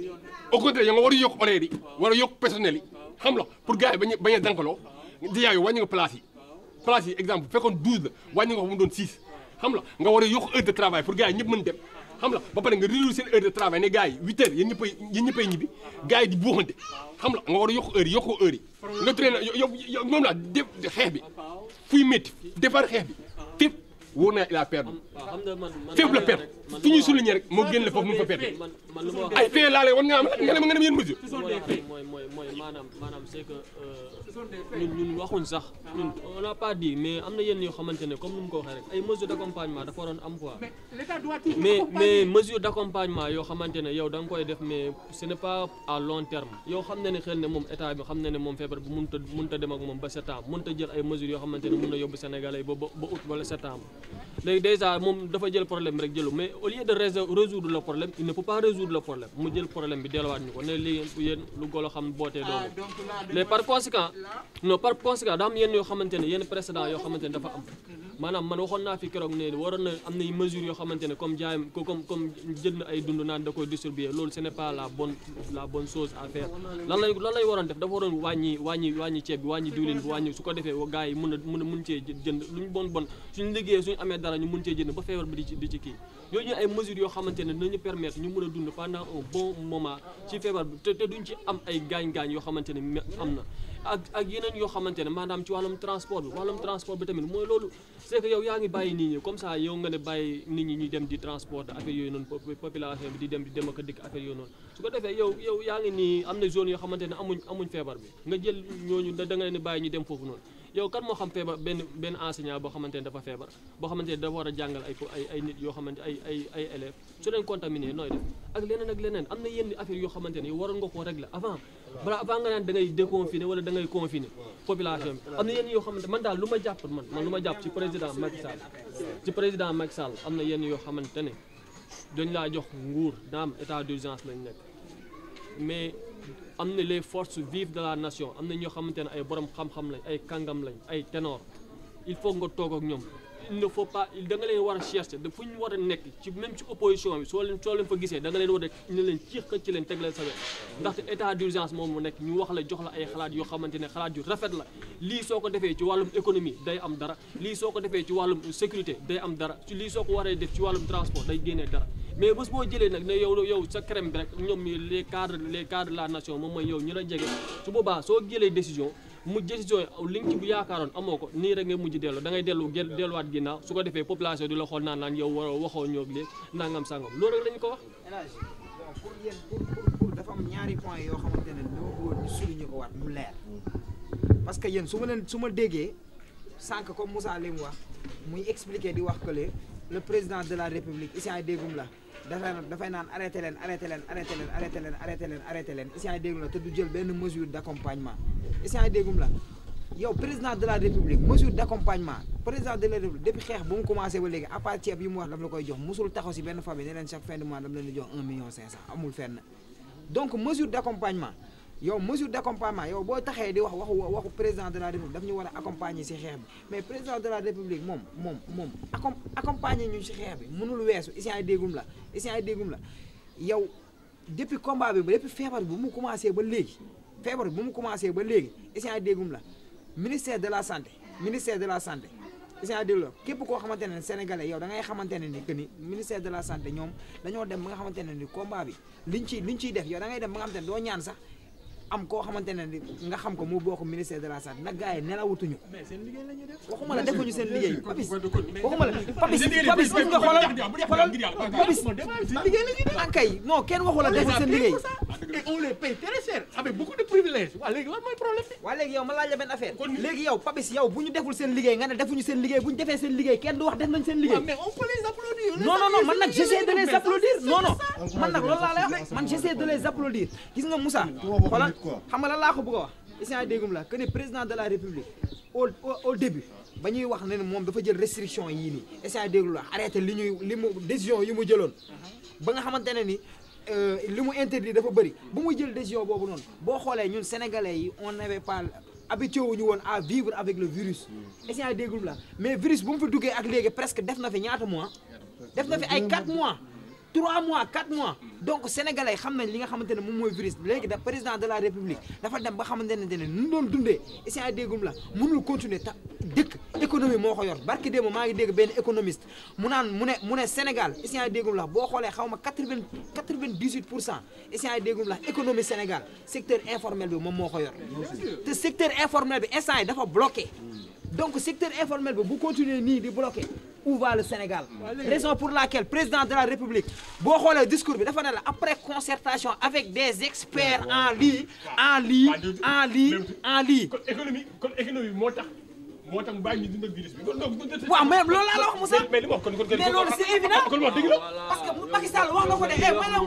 yi au contraire yow nga war a yokk horaire yi war a yokk personnel yi xam la pour gars yi bañ a bañ a dankaloo di yaayu wàññi nga place yi place yi exemple fekkoon nga war a yokk heure de pour gars yi ñëpp mën dem xam la ba pare ne gars yi 8 heures yéen ñëppay yéen ñëppay ñibbi gars yi a yokk heure yi yokk nga traîner yow moom laa def xeex bi fuy métti defar xeex bi fépp wóor naa il a perdu fépp la perte fi ñuy souligner rek moo gën la foofu mu fa perte ay fee laa lay nga am nga ne ma nga dem yéen mesure ñun ñun waxuñ sax ñun on n'a pas dit mais am na yenn yoo xamante ne comme ni mu ko waxee rek ay mesures d'accompagnement dafa waroon am quoi mais mais mesures d'accompagnement yoo xamante ne yow da nga koy def mais ce n'est pas à long terme yow xam na ne xel ne moom état bi xam na ne moom feebar bi mënut a mënut a dem ak moom ba septembre mënut a jël ay mesures yoo xamante ne mën na yóbbu Sénégalais ba ba août wala septembre léegi déjà moom dafa jël problème rek jëlu mais au lieu de résoudre le problème il ne peut pas résoudre le problème mu jël problème bi delluwaat ñu ko ne lii yéen lu golo xam bootee doomu ah, mais par conséquent non par conséquent daa am yenn yoo xamante ne yenn précédent yoo xamante ne dafa am maanaam man waxoon naa fi keroog ne waroon na am nay mesures yoo xamante ne comme jaayam comme comme jënd ay dund naan a mën a mën cee jënd lu ñu bon bon suñu liggéeyee suñu amee dara ñu mën cee jënd ba feebar bi di ci di ci kii yooyu ñu ay mesures yoo xamante ne dinañu permettre ñu mën a dund pendant un bon moment ci feebar te te duñ ci am ay gaañ-gaañ yoo xamante ne am na ak ak yeneen yoo xamante ne maanaam ci wàllum transport bi wàllum transport bi tamit mooy loolu c'est que yow yaa ngi bàyyi nit ñi comme ça yow nga ne bàyyi nit ñi dem di transport affaire yooyu noonu population bi di dem di dem ak a dikk affaire yooyu noonu su ko defee yow yaa ngi nii am na zone yoo xamante ne amuñ amuñ feebar bi nga jël ñooñu da nga leen bàyyi ñu dem foofu noonu yow kan moo xam feebar benn benn enseignant boo xamante ne dafa feebar boo xamante ne dafa war a jàngal ay yoo xamante ay ay ay élèves su leen contaminé ak leneen ak leneen am na yenn affaire yoo xamante ne yow nga koo régler avant balaa avant nga naan da ngay déconfiné wala da ngay confiné population bi am na yenn yoo xamante man daal lu ma jàpp man man lu ma jàpp ci président Macky Sall ci président Macky Sall am na yenn yoo xamante ne dañ laa jox nguur naam état d'urgence lañ nekk mais am na les force vives de la nation am na ñoo xamante ne ay borom xam-xam lañ ay kàngam lañ ay ténor il faut nga toog ak ñoom il ne faut pas da leen war a chercher de ñu war a nekk ci même ci opposition bi soo leen soo leen fa gisee da nga leen war a ne leen ciix xëcc leen teg leen sa wet ndaxte état d'urgence moom mu nekk ñu wax la jox la ay xalaat yoo xamante ne xalaat yu rafet la lii soo ko defee ci wàllum économie day am dara lii soo ko defee ci wàllum sécurité day am dara lii soo ko waree def ci wàllum transport day génnee dara mais bés boo jëlee nag ne yow yow sa crème bi rek ñoom les cadres les cadres la nation moom mooy yow ñu la jege boobaa soo jëlee décision mu décision yi li bu yaakaaroon amoo ko nii rek ngay mujj delloo da ngay dellu delluwaat ginnaaw su ko defee population di la xool naan naan yow waroo waxoo ñoog léegi nangam sangam loolu lañ ko wax. bon pour dafa am ñaari point yoo de ne dama bëggoon ñu ko waat mu leer parce que yéen su ma leen su ma déggee sànq comme Moussa li mu wax muy expliquer di wax que le président de la république Issa déggum la. dafay dafay naan arrêté leen arrêté leen arrêté leen arrêté leen arrêté leen arrêté leen isaan déggum la te du jël benn mesure d' accompagnement isaan déggum la yow président de la république mesure d' accompagnement président de la république depuis xeex bu mu commencé ba léegi à part ceeb yi mu wax daf la koy jox mosul taxaw si benn famille ne leen chaque fin de mois daf leen di jox un million cinq cent amul fenn donc mesure d' accompagnement yow mesure d' accompagnement yow boo taxee di wax waxu wax président de la république daf ñu war a accompagner si xeex bi mais président de la moom moom moom accom accompagner ñu si xeex bi mënul weesu isient déggum la isient déggum la yow depuis combat bi depuis feebar bi mu commencé ba léegi feebar bi mu commencé ba léegi isient déggum la ministère de la santé ministère de la santé isient déggum la képp koo xamante ne sénégalais yow da ngay xamante ne ni que ni ministère de la santé ñoom dañoo dem ba nga xamante ne ni combat bi liñ ciy liñ ciy def yow da ngay dem ba nga doo ñaan sax am koo xamante ne nga xam ko mu bokk ministère de la nag gars nelawutuñu. waxuma la defuñu seen liggéey. papis waxuma la papis papis gis nga kenn waxu la seen liggéey. et léegi lan mooy problème bi. affaire. léegi yow papis yow bu ñu deful seen liggéey nga ne defuñu seen liggéey bu ñu defee seen liggéey kenn du wax def nañ seen liggéey. mais man nag j'essaie de les applaudir non non man nag loolu laa lay wax man j'essaie de les dëgg quoi xam nga lan laa ko bëgg a wax. isaan déggum la que ne de la république au au début ba ñuy wax ne moom dafa jël restriction yii nii isaan déggum la arrêté li ñuy li mu décision yi mu jëloon ba nga xamante ne ni. Euh, li mu interdit dafa bëri bu muy jël décision boobu noonu boo xoolee ñun sénégalais yi on n'avait pas habitué wu ñu woon à vivre avec le virus. essayant déggul la mais virus bu mu fi duggee ak léegi presque def na fi ñaata mois. def na fi ay 4 mois. trois mois quatre mois donc sénégalais xam nañ li nga xamante ne moom mooy virus léegi da président de la république dafa dem ba xamante ne ne nu doon dundee essayé déggum la mënul continuer ta dëkk économie moo ko yor barki démb maa ngi dégg benn économiste mu naan mu ne mu ne Sénégal essayé déggum la boo xoolee xaw ma quatre-vingt vingt pour cent essayé déggum la économie Sénégal secteur informel bi moom moo ko yor te secteur informel bi instant dafa bloqué donc secteur informel bi bu continuer nii di bloqué où va le Sénégal raison pour laquelle président de la République boo xoolee discours bi dafa ne la après concertation avec des experts en lii en lii en lii en lii kon économie kon économie moo tax moo tax mu bàyyi ñu dund wax Moussa. mais li ma wax kon kon kon mais loolu c'est évident. kon wax dëgg la. parce que Macky Sall wax na ko de eh, man la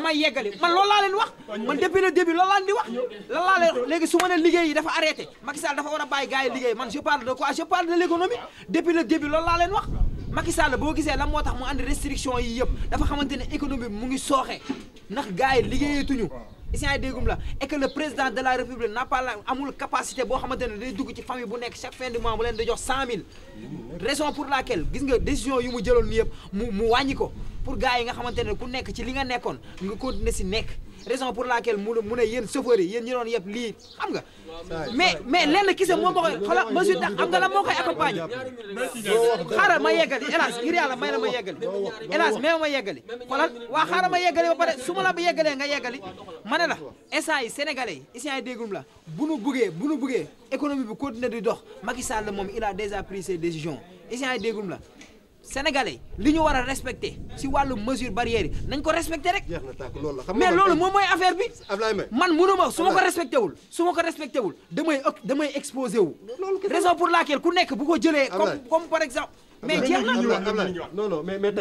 ma yeggali wax. man depuis le début loolu laa leen wax. lan laa leen wax léegi ma ne liggéey yi dafa arrêté Macky dafa war a bàyyi gars yi liggéey man je parle de quoi je parle de l'économie depuis le début loolu laa leen wax. Macky Sall boo gisee lan moo tax mu andi restriction yi yëpp dafa xamante ne économie bi mu ngi sooxe ndax gars yi liggéeyatuñu sient déggum la et que le président de la république n'a amul capacité boo xamante ne day dugg ci famille bu nekk chaque fin du mois mu leen di jox cent mille raison pour laquelle gis nga décision yu mu jëloon ni yëpp mu mu ko pour gars yi nga xamante ne ku nekk ci li nga nekkoon nga continuer si nekk raison pour laquelle mu mu ne yéen chauffeurs yi yéen ñi doon yëpp lii xam nga mais mais lenn kese moom moo koy xoolal mesure tax xam nga lan moo koy accompagner xaaral ma yeggali hélas ngir yàlla may la ma yeggali hélas mais ma yeggali xoolal waa xaaral ma yeggali ba pare su ma la ba yeggalee nga yeggali ma ne la instant yi sénégalais yi instant yi déggum la bu nu buggee bu nu buggee économie bi continuer di dox Macky Sall moom il a déjà pris ses décisions instant yi déggum la sénégalais li ñu war a respecté si wàllu mesure barrière yi nañ ko respecté rek. jeex loolu la xam nga mais moom mooy affaire bi. Ablaye Mbaye man mënu ma su ko respecté wul. su ma ko respecté wul damay damay exposé wu. raison pour laquelle ku nekk bu ko jëlee. comme comme par exemple. mais jeex na non non mais mais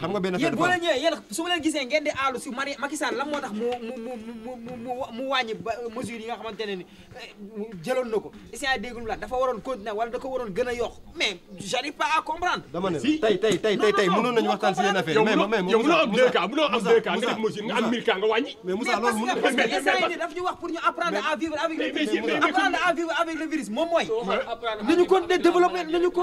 xam nga benn yéen boo leen ñëwee yéen su ma gisee ngeen di aalu si Marie Macky moo tax mu mu mu wàññi euh, mesures yi nga xamante ni euh, jëloon na ko essayé déggul la dafa waroon continuer wala da waroon gën a yokk mais j'arrive pas à comprendre dama ne tey tey nañu waxtaan si yenn affaire nga def nga wàññi mais Moussa loolu mënul parce nañu continuer développer nañu ko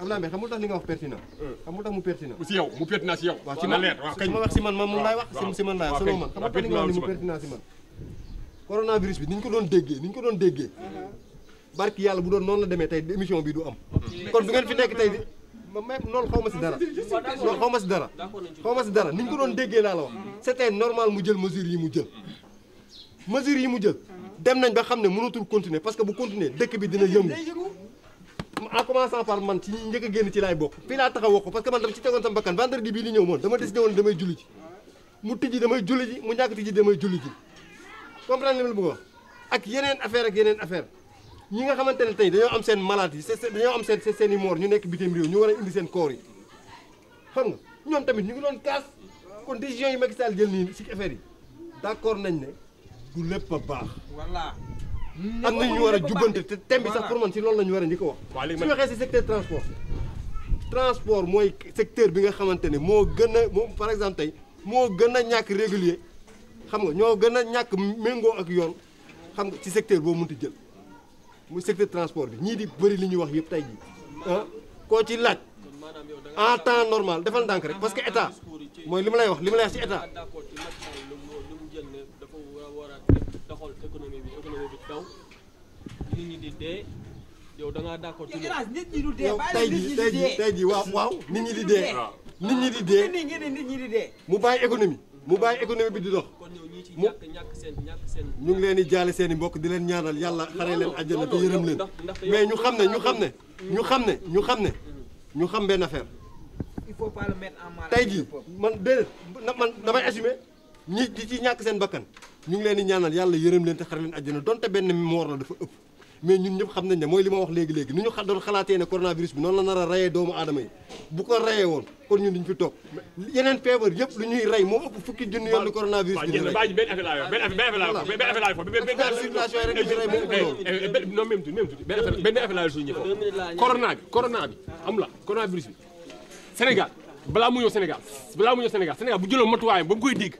am naa mais xamul tax li nga wax pertinent euh. xamul tax mu pertinent mu pertinent si yow waaw si man leer waaw wax si man moom mu si man man xamul tax li nga wax ni mu si man coronavirus bi ni ñu ko doon déggee ni ñu ko doon déggee barki yàlla bu doon noonu la demee tey émission bi du am hmm. kon du ngeen fi nekk tey ma même noonu xaw ma si dara xaw ma si dara xaw ma si dara ni ñu ko doon déggee laa la wax hmm. c'était normal mu jël mesure yi mu jël mesure yi mu jël hmm. dem nañ ba xam ne mënatul continuer parce que bu continuer dëkk bi dina yëngu en commençant par man ci njëkk a génn ci laay bokk fii laa taxaw wax ko parce que man dama ci tegoon sama bakkan vendredi bii li ñëw moon dama décidé damay julli ji mu tijji damay julli ji mu ñàkk tijji damay julli ji comprendre li ma bëgg ak yeneen affaire ak yeneen affaire ñi nga xamante ne tey dañoo am seen maladie c'est dañoo am seen seen i moor ñu nekk bitim réew ñu war a indi seen koor yi xam nga ñoom tamit ñu ngi doon kaas kon décision yi Macky Sall jël nii si affaire yi nañ ne du lépp a baax voilà am na ñu war a jubbante te thème bi sax pour man si loolu la ñu war a njëkk wax. su waxee si secteur transport. transport mooy secteur bi nga xamante ne moo gën a moom par exemple tey moo gën a ñàkk régulier xam nga ñoo gën a ñàkk méngoo ak yoon xam nga ci secteur boo mënti jël muy secteur transport bi ñii di bëri li ñuy wax yëpp tey jii ah koo ci laaj en temps normal defal ndànk rek parce que état mooy li ma lay wax li ma lay wax ci état. Ah, taw nit ñi di dee yow da ngaa d'accord ci dee tey jii tey jii tey jii waaw waaw ah. ah. nit ñi di dee nit ñi di dee nit ñi di mu bàyyi économie mu bàyyi économie bi di dox mu ñu ngi leen di jaale seeni mbokk di leen ñaanal yàlla xare leen àjjana te yërëm leen mais ñu xam ne ñu xam ne ñu xam ne ñu xam ne ñu xam benn affaire tey jii man déedéet man damay assumer ñi di ci ñàkk seen bakkan ñu ngi leen di ñaanal yàlla yërëm leen te xar leen àjjana donte benn moor la dafa ëpp mais ñun ñëpp xam nañ ne mooy li ma wax léegi-léegi nu ñu xa doon xalaatee ne coronavirus bi noonu la nar a rayee doomu aadama yi bu ko rayee woon kon ñun duñ fi toog yeneen feebar yëpp lu ñuy rey moo ëpp fukki junni yoon li coronavirus bi di rey bàyyi benn affaire laa yor benn affaire laa yor benn affaire laa yor rek non même tuuti même tuuti benn affaire bi corona bi am la coronavirus bi Sénégal balaa mu ñëw Sénégal balaa mu ñëw Sénégal Sénégal bu koy dégg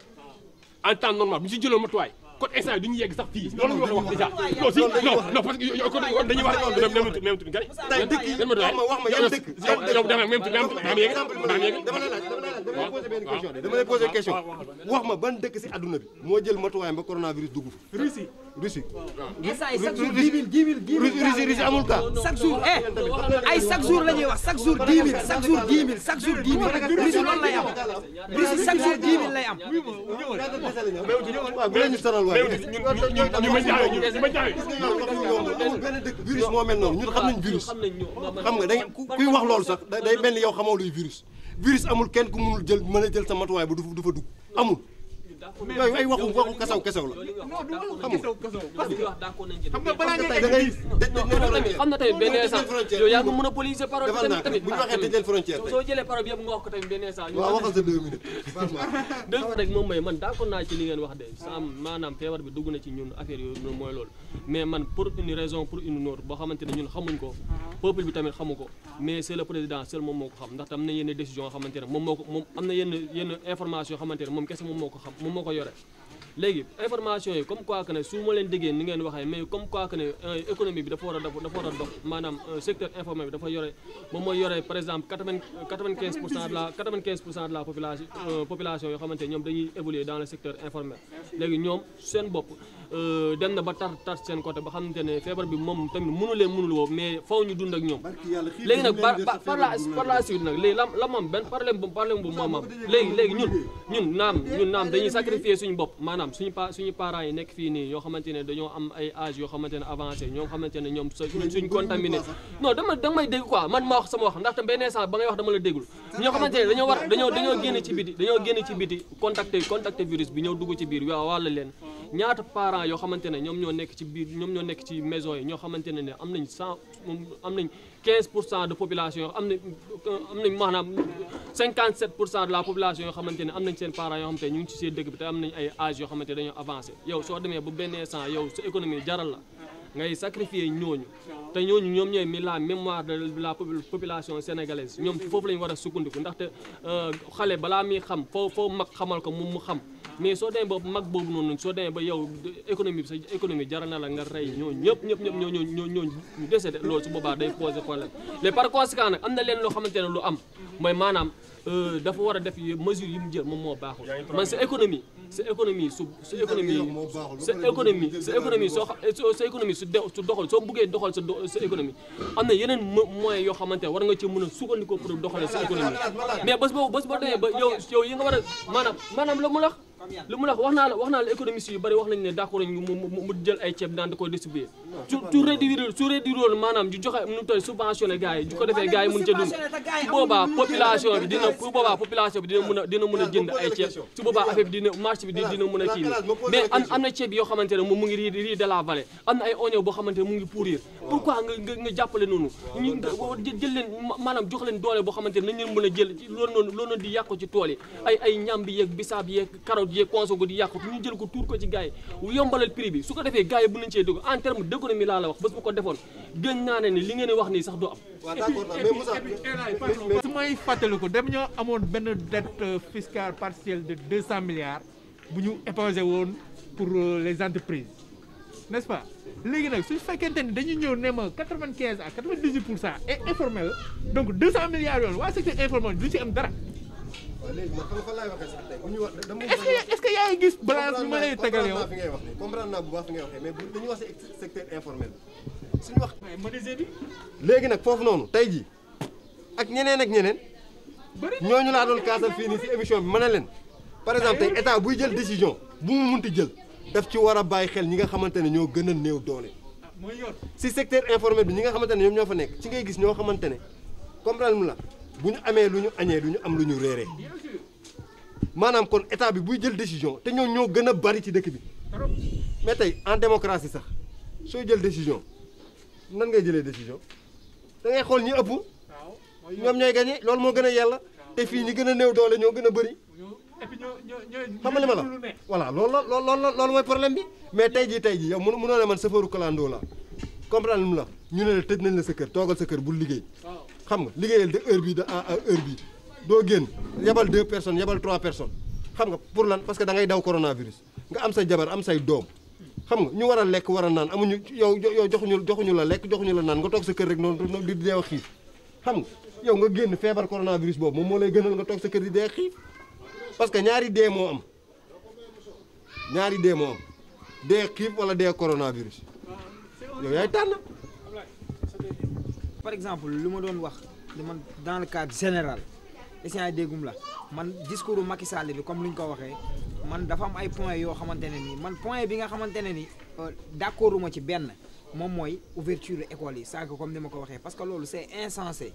en temps normal bu ñu si jëloon matuwaay kon instant yi du ñu yegg sax fii loolu ñu wax déjà non si non wax même tur ma wax ma wax ma yow dëkk yow dafa même tur même yegg dama la laaj question wax ma ban dëkk si adduna bi moo jël matuwaayam ba coronavirus dugg Russie. instant yi amul cas. chaque jour eh ay chaque jour la wax chaque jour dix mille chaque jour dix mille chaque jour lay am. Russie chaque jour dix mille lay am. waaw bu leen ñu sonal waay. virus moo mel noonu ñun xam nañ virus. xam nga da kuy wax loolu sax day mel ni yow xamoo luy virus. virus amul kenn ku mënul jël mën a jël sa matuwaay ba du fa dugg amul. yooyu ay waxu waxu kasaw kasaw la. xam nga balaa ngay egg tamit xam na tamit benn ngi monopoliser parole soo jëlee parole bi nga wax ko tamit benn instant. waaw waxal sa deux moom may man d'accord naa ci li ngeen wax de sam maanaam feebar bi dugg na ci ñun affaire yooyu mooy loolu mais man pour une raison pour une autre boo xamante ne ñun xamuñ ko peuple bi tamit xamu ko mais c' président seul moom moo ko xam ndaxte am na yenn décision xamante ne moom moo ko moom am na yenn yenn moom moo ko xam moom moo ko yore léegi information yi comme quoi que ne su ma leen déggee ni ngeen waxee mais comme quoi que ne euh, économie bi dafa war a dafa war a dox maanaam euh, secteur informel bi dafa yore moom mooy yore par exemple quatre vingt quinze pour cent de quatre vingt quinze pour Euh, dem na ba tar tar seen côté ba xamante ne feebar bi moom tamit mënu leen mënul woo mais faw ñu dund ak ñoom léegi nag par la par la suite nag léegi la la moom benn problème bu bu moom am léegi léegi ñun ñun naam ñun naam dañuy sacrifier suñu bopp maanaam suñu pa suñu parents yi nekk fii nii yoo xamante ne dañoo am ay âge yoo xamante ne avancé ñoo xamante ne ñoom suñ contaminé non dama danga may dégg quoi man ma wax sama wax ndax tam benn instant ba ngay wax dama la déggul ñoo xamante ne dañoo war dañoo génn ci biti dañoo génn ci biti contacté bi ñëw dugg ci biir waaw wàll leen ñaata parents yoo xamante ne ñoom ñoo nekk ci biir ñoom ñoo nekk ci maison yi ñoo xamante ne ne am nañ cent am nañ quinze pour cent de population am na am nañ maanaam cinquante sept pour cent de la population yoo xamante ne am nañ seen parents yoo xamante ne ñu ngi ci seen dëkk bi te am nañ ay âge yoo xamante ne dañoo avancé yow soo demee ba benn instant yow sa économie jaral la ngay sacrifier ñooñu te ñooñu ñoom ñooy mi la mémoire de la population sénégalaise ñoom foofu la ñu war a sukkandiku euh, xale balaa muy xam foo foo mag xamal ko moom mu xam mais soo demee ba mag boobu noonu soo demee ba yow économie bi sa économie jaral na la nga rey ñoo ñëpp ñëpp ñëpp ñoo ñoo ñoo ñu décédé loolu su boobaa day posé problème mais par conséquent nag am na leen loo xamante ne lu am mooy maanaam euh, dafa war a def mesure yi mu jël moom moo baaxul man sa économie sa économie su sa économie sa économie sa économie soo sa économie su su doxal soo buggee doxal sa sa économie am na yeneen moyens yoo xamante war nga ci mën a sukkandikoo pour doxalee sa économie mais bés boo bés boo demee ba yow yow yi nga war a maanaam maanaam la mu lax lu mu la wax naa la wax naa la économistes yu bëri wax nañu ne d'accord ñu mu jël ay ceeb daan koy distribuer su su maanaam ju joxe nu toy subventionné gars ju ko defee gars yi mun ca dund su boobaa population bi dina su a jënd ay ceeb su boobaa affaire bi dina marché bi dina mën a kii mais am na ceeb yoo xamante mu ngi rii rii de am na ay oignon boo xamante mu ngi pourrir pourquoi nga nga nga jàppale noonu ñu jël leen maanaam jox leen doole boo xamante ne nañ leen a jël loolu noonu loolu noonu di yàqu ci tool ay ay ñam bi yeeg bisaab yeeg carotte yeeg consogo di yàqu ñu jël ko tuur ko ci gars yi yombalal prix bi su ko defee gars yi bu nañ cee dugg en terme laa la wax bés bu ko defoon gën naa ne ni li ngeen wax nii sax du am su may fàttaliku dem ñoo amoon benn dette euh, fiscale partielle de deux cent milliards bu ñu épongé woon pour euh, les entreprises n'est-ce léegi nag su fekkente ni dañuy ñëw ne ma quatre vingt quinze à quatre vingt dix huit pour cent et informel donc deux cent milliards yoon waa secteur informel du ci am dara. waaw léegi wax dama. est ce que est ce que yaa ngi gis balance bi ma lay tegal yow fi ngay waxee léegi nag foofu noonu tey jii ak ñeneen ak ñeneen. ñooñu laa doon kaasal fii nii si émission bi mën na leen. par exemple tey buy jël décision bu mu munti jël. daf ci war a bàyyi xel ñi nga xamante ne ñoo gën a néew doole si secteur informel bi ñi nga xamante ne ñoom ñoo fa nekk ci ngay gis ñoo xamante ne comprendre mu la bu ñu amee lu ñu añee lu ñu am lu ñu réeree maanaam kon état bi buy jël décision te ñoo ñoo gën a bari ci dëkk bi mais tey en démocratie sax sooy jël décision nan ngay jëlee décision dangay ngay xool ñi ëpp ñoom ñooy gagné loolu moo gën a yàlla te fii ñi gën a néew doole ñoo gën a bëri xam nga ma la voilà loolu la loolu la loolu mooy problème bi mais tey jii tey jii yow mënoo ne man safaru kalandoo la comprendre la ñu ne la tëj nañ la sa kër toogal sa kër bul liggéey xam nga liggéeyal de heure bii de à ah, ah, heure bii doo génn yebal deux personnes yebal trois personnes xam nga pour lan parce que da ngay daw coronavirus nga am sa jabar am say doom xam nga ñu war lekk war a naan amuñu yow yow joxuñu joxuñu la lekk joxuñu la naan nga toog sa kër rek noonu di deew xiif nga yow nga génn feebar coronavirus boobu moom moo lay gënal nga toog sa kër parce que ñaari dee moo am ñaari dee moo am dee xiif wala dee coronavirus yow yaay tànn. par exemple lu ma doon wax man dans le cadre général essayé déggum la man discours Macky Sall bi comme lu ñu ko waxee man dafa am ay points yoo xamante ne nii man point bi nga xamante ne nii euh, d'accorduma ci benn moom mooy ouverture école yi sànq comme ni ma ko waxee parce que loolu c'est insensé.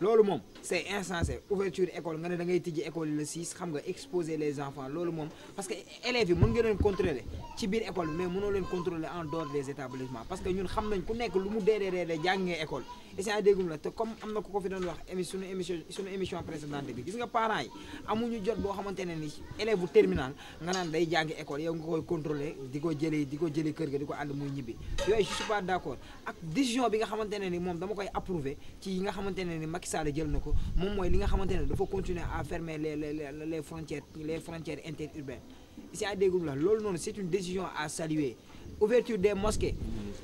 loolu moom c'est insensé ouverture école nga ne da ngay tijji école yi le xam nga exposer les enfants loolu moom parce que élèves yi mën leen contrôler ci biir école mais mënoo leen contrôler en dehors des établissements parce que ñun xam nañ ku nekk lu mu dee dee dee jàngee école essayé déggum la te comme am na ku ko fi doon wax émi sunu émission sunu émission bi gis nga parents yi amuñu jot boo xamante ne ni élève bu terminal nga naan day jàngi école yow nga koy contrôler di ko jëlee di ko jëlee kër gi di ko ànd muy ñibbi yooyu je suis pas d'accord ak décision bi nga xamante ne ni moom dama koy approuver ci yi nga xamante ne ni Macky Sall jël na ko moom mooy li nga xamante ne dafa continuer à fermer les les les frontières les frontières interurbaines loolu noonu c'est une à saluer ouverture des mosquées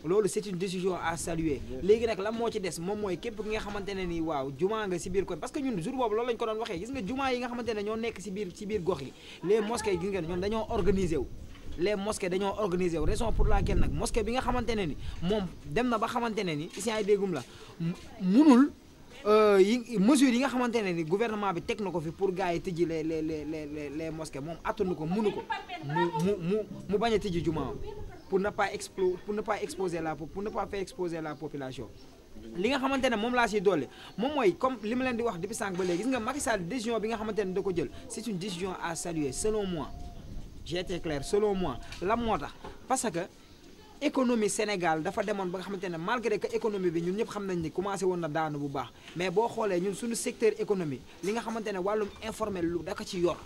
loolu c'est une décision à saluer léegi nag lan moo ci des moom mooy képp ki nga xamante ne ni waaw jumaa nga si biir koñ parce que ñun jour boobu loolu lañ ko doon waxee gis nga jumaa yi nga xamante ne ñoo nekk si biir si gox yi les mosquées gis nga ñoom dañoo organiser wu les mosquées dañoo organisé wu raison pour laquelle nag mosquée bi nga xamante ne ni moom dem na ba xamante ne ni isient ay déggum la munul euh, yi mesures yi nga xamante ne ni gouvernement bi teg na ko fi pour gars yi tijji les les les les les mosquées moom attanu ko munu ko mu mu mu mu bañ a tijji jumaa pour ne pas explo pour la pour ne pas faire exposer la population. li nga xamante ne moom laa siy doole moom mooy comme li ma leen di wax depuis sànq ba léegi gis nga Macky Sall décision bi nga xamante ne da ko jël c'est une décision à saluer selon moi j'ai été clair selon moi lan moo tax parce que. économie Sénégal dafa demoon ba nga xamante ne malgré que bi ñun ñëpp xam nañ ni commencé woon na daanu bu baax mais boo xoolee ñun suñu secteur économie li nga xamante ne wàllum informel lu da ci yor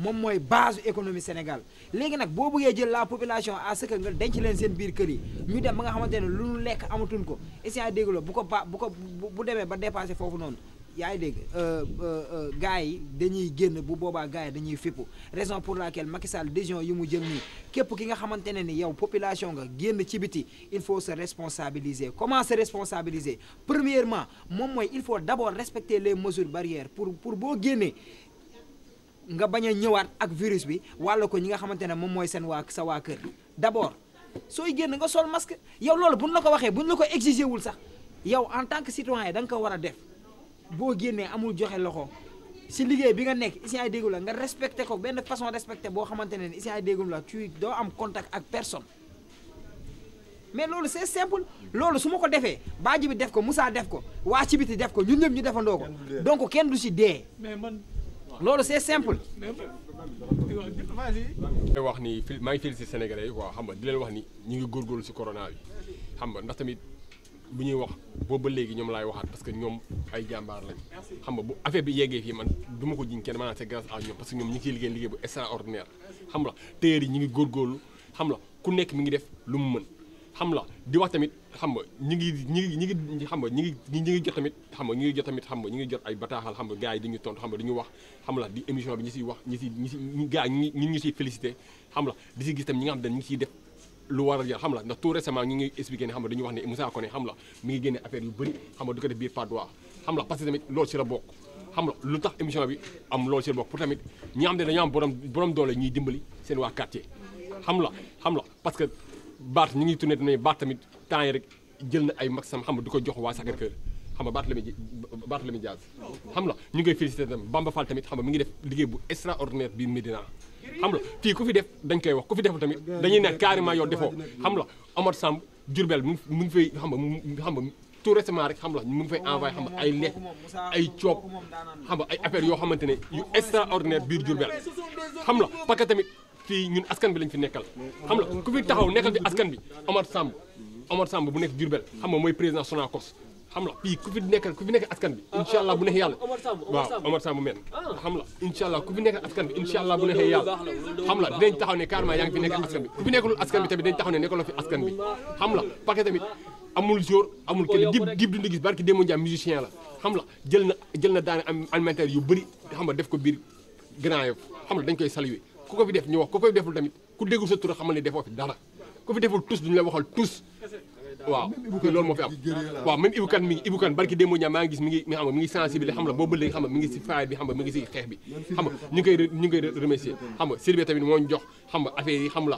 moom mooy base économie Sénégal léegi nag boo buggee jël la population à ce que nga denc leen seen biir kër yi ñu dem ba nga xamante ne lu ñu lekk amatuñ ko a déggloo bu ko ba bu ko bu demee ba dépassé foofu noonu yaa ngi dégg euh, euh, euh, gars yi dañuy génn bu boobaa gars yi dañuy fippu raison pour la Macky Sall décision yi mu jël nii képp ki nga xamante ne ni yow population nga génn ci biti il faut se responsabiliser comment se responsabiliser premièrement moom mooy il faut d'abord respecter les mesures barrières pour pour boo nga bañ a ñëwaat ak virus bi wàll ko ñi nga xamante ne moom mooy seen waa sa waa kër d'abord sooy génn nga sol masque yow loolu buñ la ko waxee bu buñ la ko exiger wul sax yow en tant que citoyen da nga ko war a def boo génnee amul joxe loxo si liggéey bi nga nekk isin ay déggum la nga respecté ko benn façon respecté boo xamante ne isin ay déggum la tu doo am contact ak personne mais loolu c'est simple loolu su ma ko defee baaji bi def ko Moussa def ko waa ci def ko ñun ñu defandoo ko donc loolu c'est simple. may wax ni fii maa ngi félicité Sénégalais yi waaw xam nga di leen wax ni ñu ngi góor góorgóorlu si corona bi xam nga ndax tamit bu ñuy wax boobu ba léegi ñoom laay waxaat parce que ñoom ay jàmbaar lañ xam nga bu affaire bi yeggee fii man du ma ko jiñ kenn maanaam c'est grâce à ñoom parce que ñoom ñu ngi ciy liggéey liggéey bu extraordinaire xam nga téer yi ñu ngi góor góorlu xam nga ku nekk mi ngi def lu mu mën. xam la di wax tamit xam nga ñi ngi ñi ngi ñi ngi xam nga ñi ngi ñi ngi jot tamit xam nga ñi jot tamit xam nga ñi ngi jot ay bataaxal xam nga gars yi di ñu tontu xam nga di wax xam la di émission bi ñu si ñu si gars yi ñu ñu siy félicité xam la di si gis tamit ñi nga xam def lu war a jar xam la ndax tout récemment ñi ngi expliqué ne xam nga dañuy wax ne Moussa Koné xam la mi ngi génne affaire yu bëri xam nga du ko def biir Patte d'Oie xam la parce tamit loolu si la bokk xam la lu tax émission bi am loolu si la bokk pour tamit ñi xam ne dañoo am borom borom doole ñuy dimbali seen waa quartier xam la xam la parce que baat ñu ngi tourné tourné baat tamit temps yi rek jël na ay maxam xam nga ko jox waa Sacré Cœur xam nga baat la muy la muy jaas xam la ñu ngi koy félicité tam Bamba Fall tamit xam nga mi ngi def liggéey bu extraordinaire biir Médina xam la fii ku fi def dañ koy wax ku fi deful tamit dañuy ne carrément yow defoo xam la Omar Samb Diourbel mu mu ngi fay xam nga xam nga tout récemment rek xam la mu ngi fay envoyé xam ay lekk ay coob xam ay affaires yoo xamante ne yu extraordinaire biir Diourbel xam la parce fii ñun askan bi lañ fi nekkal xam nga ku fi taxaw nekkal fi askan bi Omar Samb Omar bu mooy président Sonacos xam la fii ku fi nekkal ku fi nekk askan bi incha allah bu neexee la incha allah ku fi nekk askan bi xam la dinañ taxaw ne carrément yaa ngi fi nekk askan bi ku fi nekkalul askan bi tamit dinañ taxaw ne nekkaloo fi askan xam la parce que tamit amul jour amul kenn dib dib dundi gis barki démon jaam musicien la xam la jël na jël na daane alimentaire yu bëri xam nga def ko biir Grand Yoff ku ko fi def ñu wax ku ko fi deful tamit ku déggul sa tur xamal ne defoo dara ku fi deful tous duñu la waxal tous waaw loolu ibukan mi ibukan barki démb ñaa maa mi ngi mi mi ngi sensibiliser xam nga boobu léegi xam mi ngi si faay bi xam mi ngi si xeex bi xam nga ñu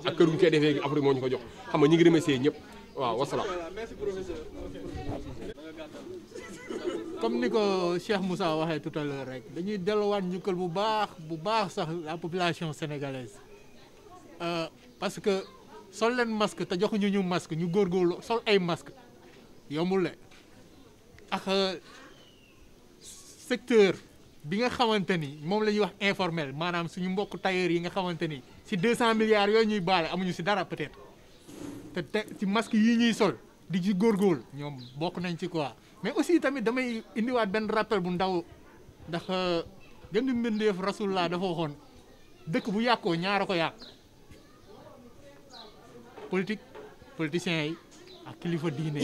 ngi defee après moo ñu ko jox xam ñu ngi remercier ñëpp waaw wasalaam comme ni ko Cheikh musa waxee tout à rek dañuy delluwaat njukkal bu baax bu baax sax la population sénégalaise euh, parce que sol leen masque te joxuñu ñu masque ñu góorgóorlu sol ay masque yombul le ak euh, secteur bi nga xawante ni moom la ñuy wax informel maanaam suñu mbokk tailleur yi nga xamante ni si 200 milliards yooyu ñuy baale amuñu si dara peut-être te te ci masque yi ñuy sol di ci góorgóorlu ñoom bokk nañ ci quoi. mais aussi tamit damay indiwaat benn rappel bu ndaw ndax euh, gën di mbindeef rasulullah dafa waxoon dëkk bu yàqoo ñaar a ko yàq politique politiciens yi ak kilifa diine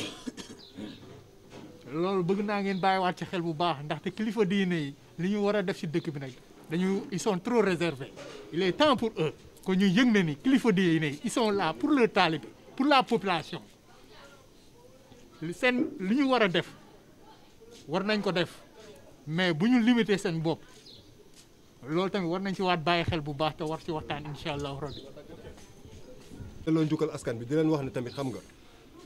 loolu bëgg naa ngeen bàyyiwaat ci xel bu baax ndaxte kilifa diine yi li ñu war a def ci dëkk bi nag dañu ils sont trop réservés il est temps pour eux que ñu yëg na ni kilifa diine yi ils sont pour le talibé pour la population seen li ñu war a def war nañ ko def mais bu ñu limité seen bopp loolu tamit war nañ ci waat bàyyi xel bu baax te war ci waxtaan incha allahu rabbi delloo njukkal askan bi di leen wax ne tamit xam nga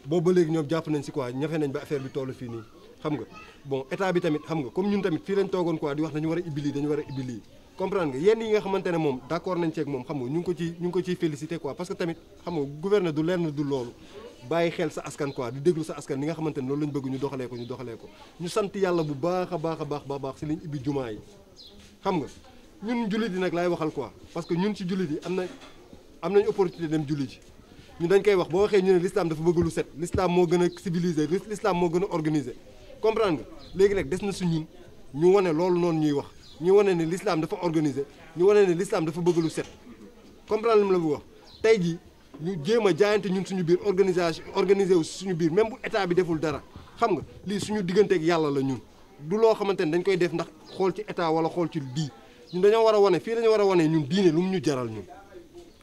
boobu ba léegi ñoom jàpp nañ si quoi ñafe nañ ba affaire bi toll fii nii xam nga bon état bi tamit xam nga comme ñun tamit fii lañ toogoon quoi di wax dañu war a ibbi lii dañu war a ibbi lii comprendre nga yenn yi nga xamante ne moom d'accord nañ ceeg moom xam nga ñu ngi ko ci ñu ngi ko ciy félicité quoi parce que tamit xam nga gouverneur du lenn du loolu bàyyi xel sa askan quoi di déglu sa askan li nga xamante ne loolu lañ bëgg ñu doxalee ko ñu doxalee ko ñu sant yàlla bu baax a baax a baax baax si liñ ibbi jumaa yi xam nga ñun jullit yi nag laay waxal quoi parce que ñun si jullit yi am na am nañ opportunité dem julli ji ñu dañ koy wax boo waxee ñu ne l'islam dafa bëgg set l'islam moo gën a civilisé l'islam moo gën a organisé comprendre nga léegi nag des na su ñun ñu wane loolu noonu ñuy wax ñu wane ne l'islam dafa organisé ñu wane ne l'islam dafa bëgg set comprendre lu ma la bu wax ñu jéem a jaayante ñun suñu biir organisation organisé wu suñu biir même bu état bi deful dara xam nga lii suñu digganteeg yàlla la ñun du loo xamante ne dañ koy def ndax xool ci état wala xool ci dii ñun dañoo war a wane fii dañoo war a wane ñun diine lu mu ñu jaral ñun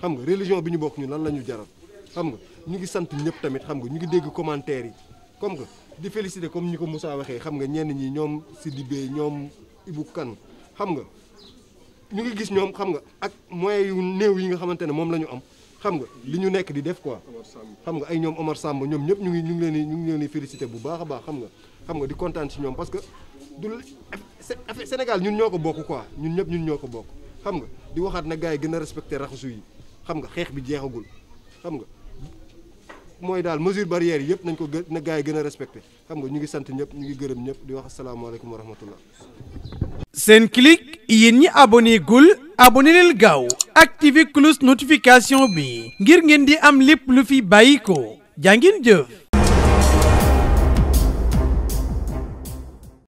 xam nga religion bi ñu bokk ñu lan la ñu jaral xam nga ñu ngi sant ñëpp tamit xam nga ñu ngi dégg commentaire yi comme que di féliciter comme ñi ko Moussa waxee xam nga ñenn ñi ñoom Sidibé ñoom Ibou Kane xam nga ñu ngi gis ñoom xam nga ak moyens néew yi nga xamante ne moom la ñu am xam nga li ñu nekk di def quoi xam nga ay ñoom Omar Samb ñoom ñëpp ñu ngi ñu ngi leen di ñu ngi leen di félicité bu baax a baax xam nga xam nga di kontaan ci ñoom parce que du Sénégal ñun ñoo ko bokk quoi ñun ñëpp ñun ñoo ko bokk xam nga di waxaat na gars yi gën a respecté raxasu yi xam nga xeex bi jeexagul xam nga mooy daal mesure barrière yëpp nañ ko gën na gars yi gën a respecté xam nga ñu ngi sant ñëpp ñu ngi gërëm ñëpp di wax asalaamaaleykum wa rahmatullah seen clic yéen ñi abonné abonné leen gaaw activé cloche notification bi ngir ngeen di am lépp lu fi bàyyi ko jaa ngeen jëf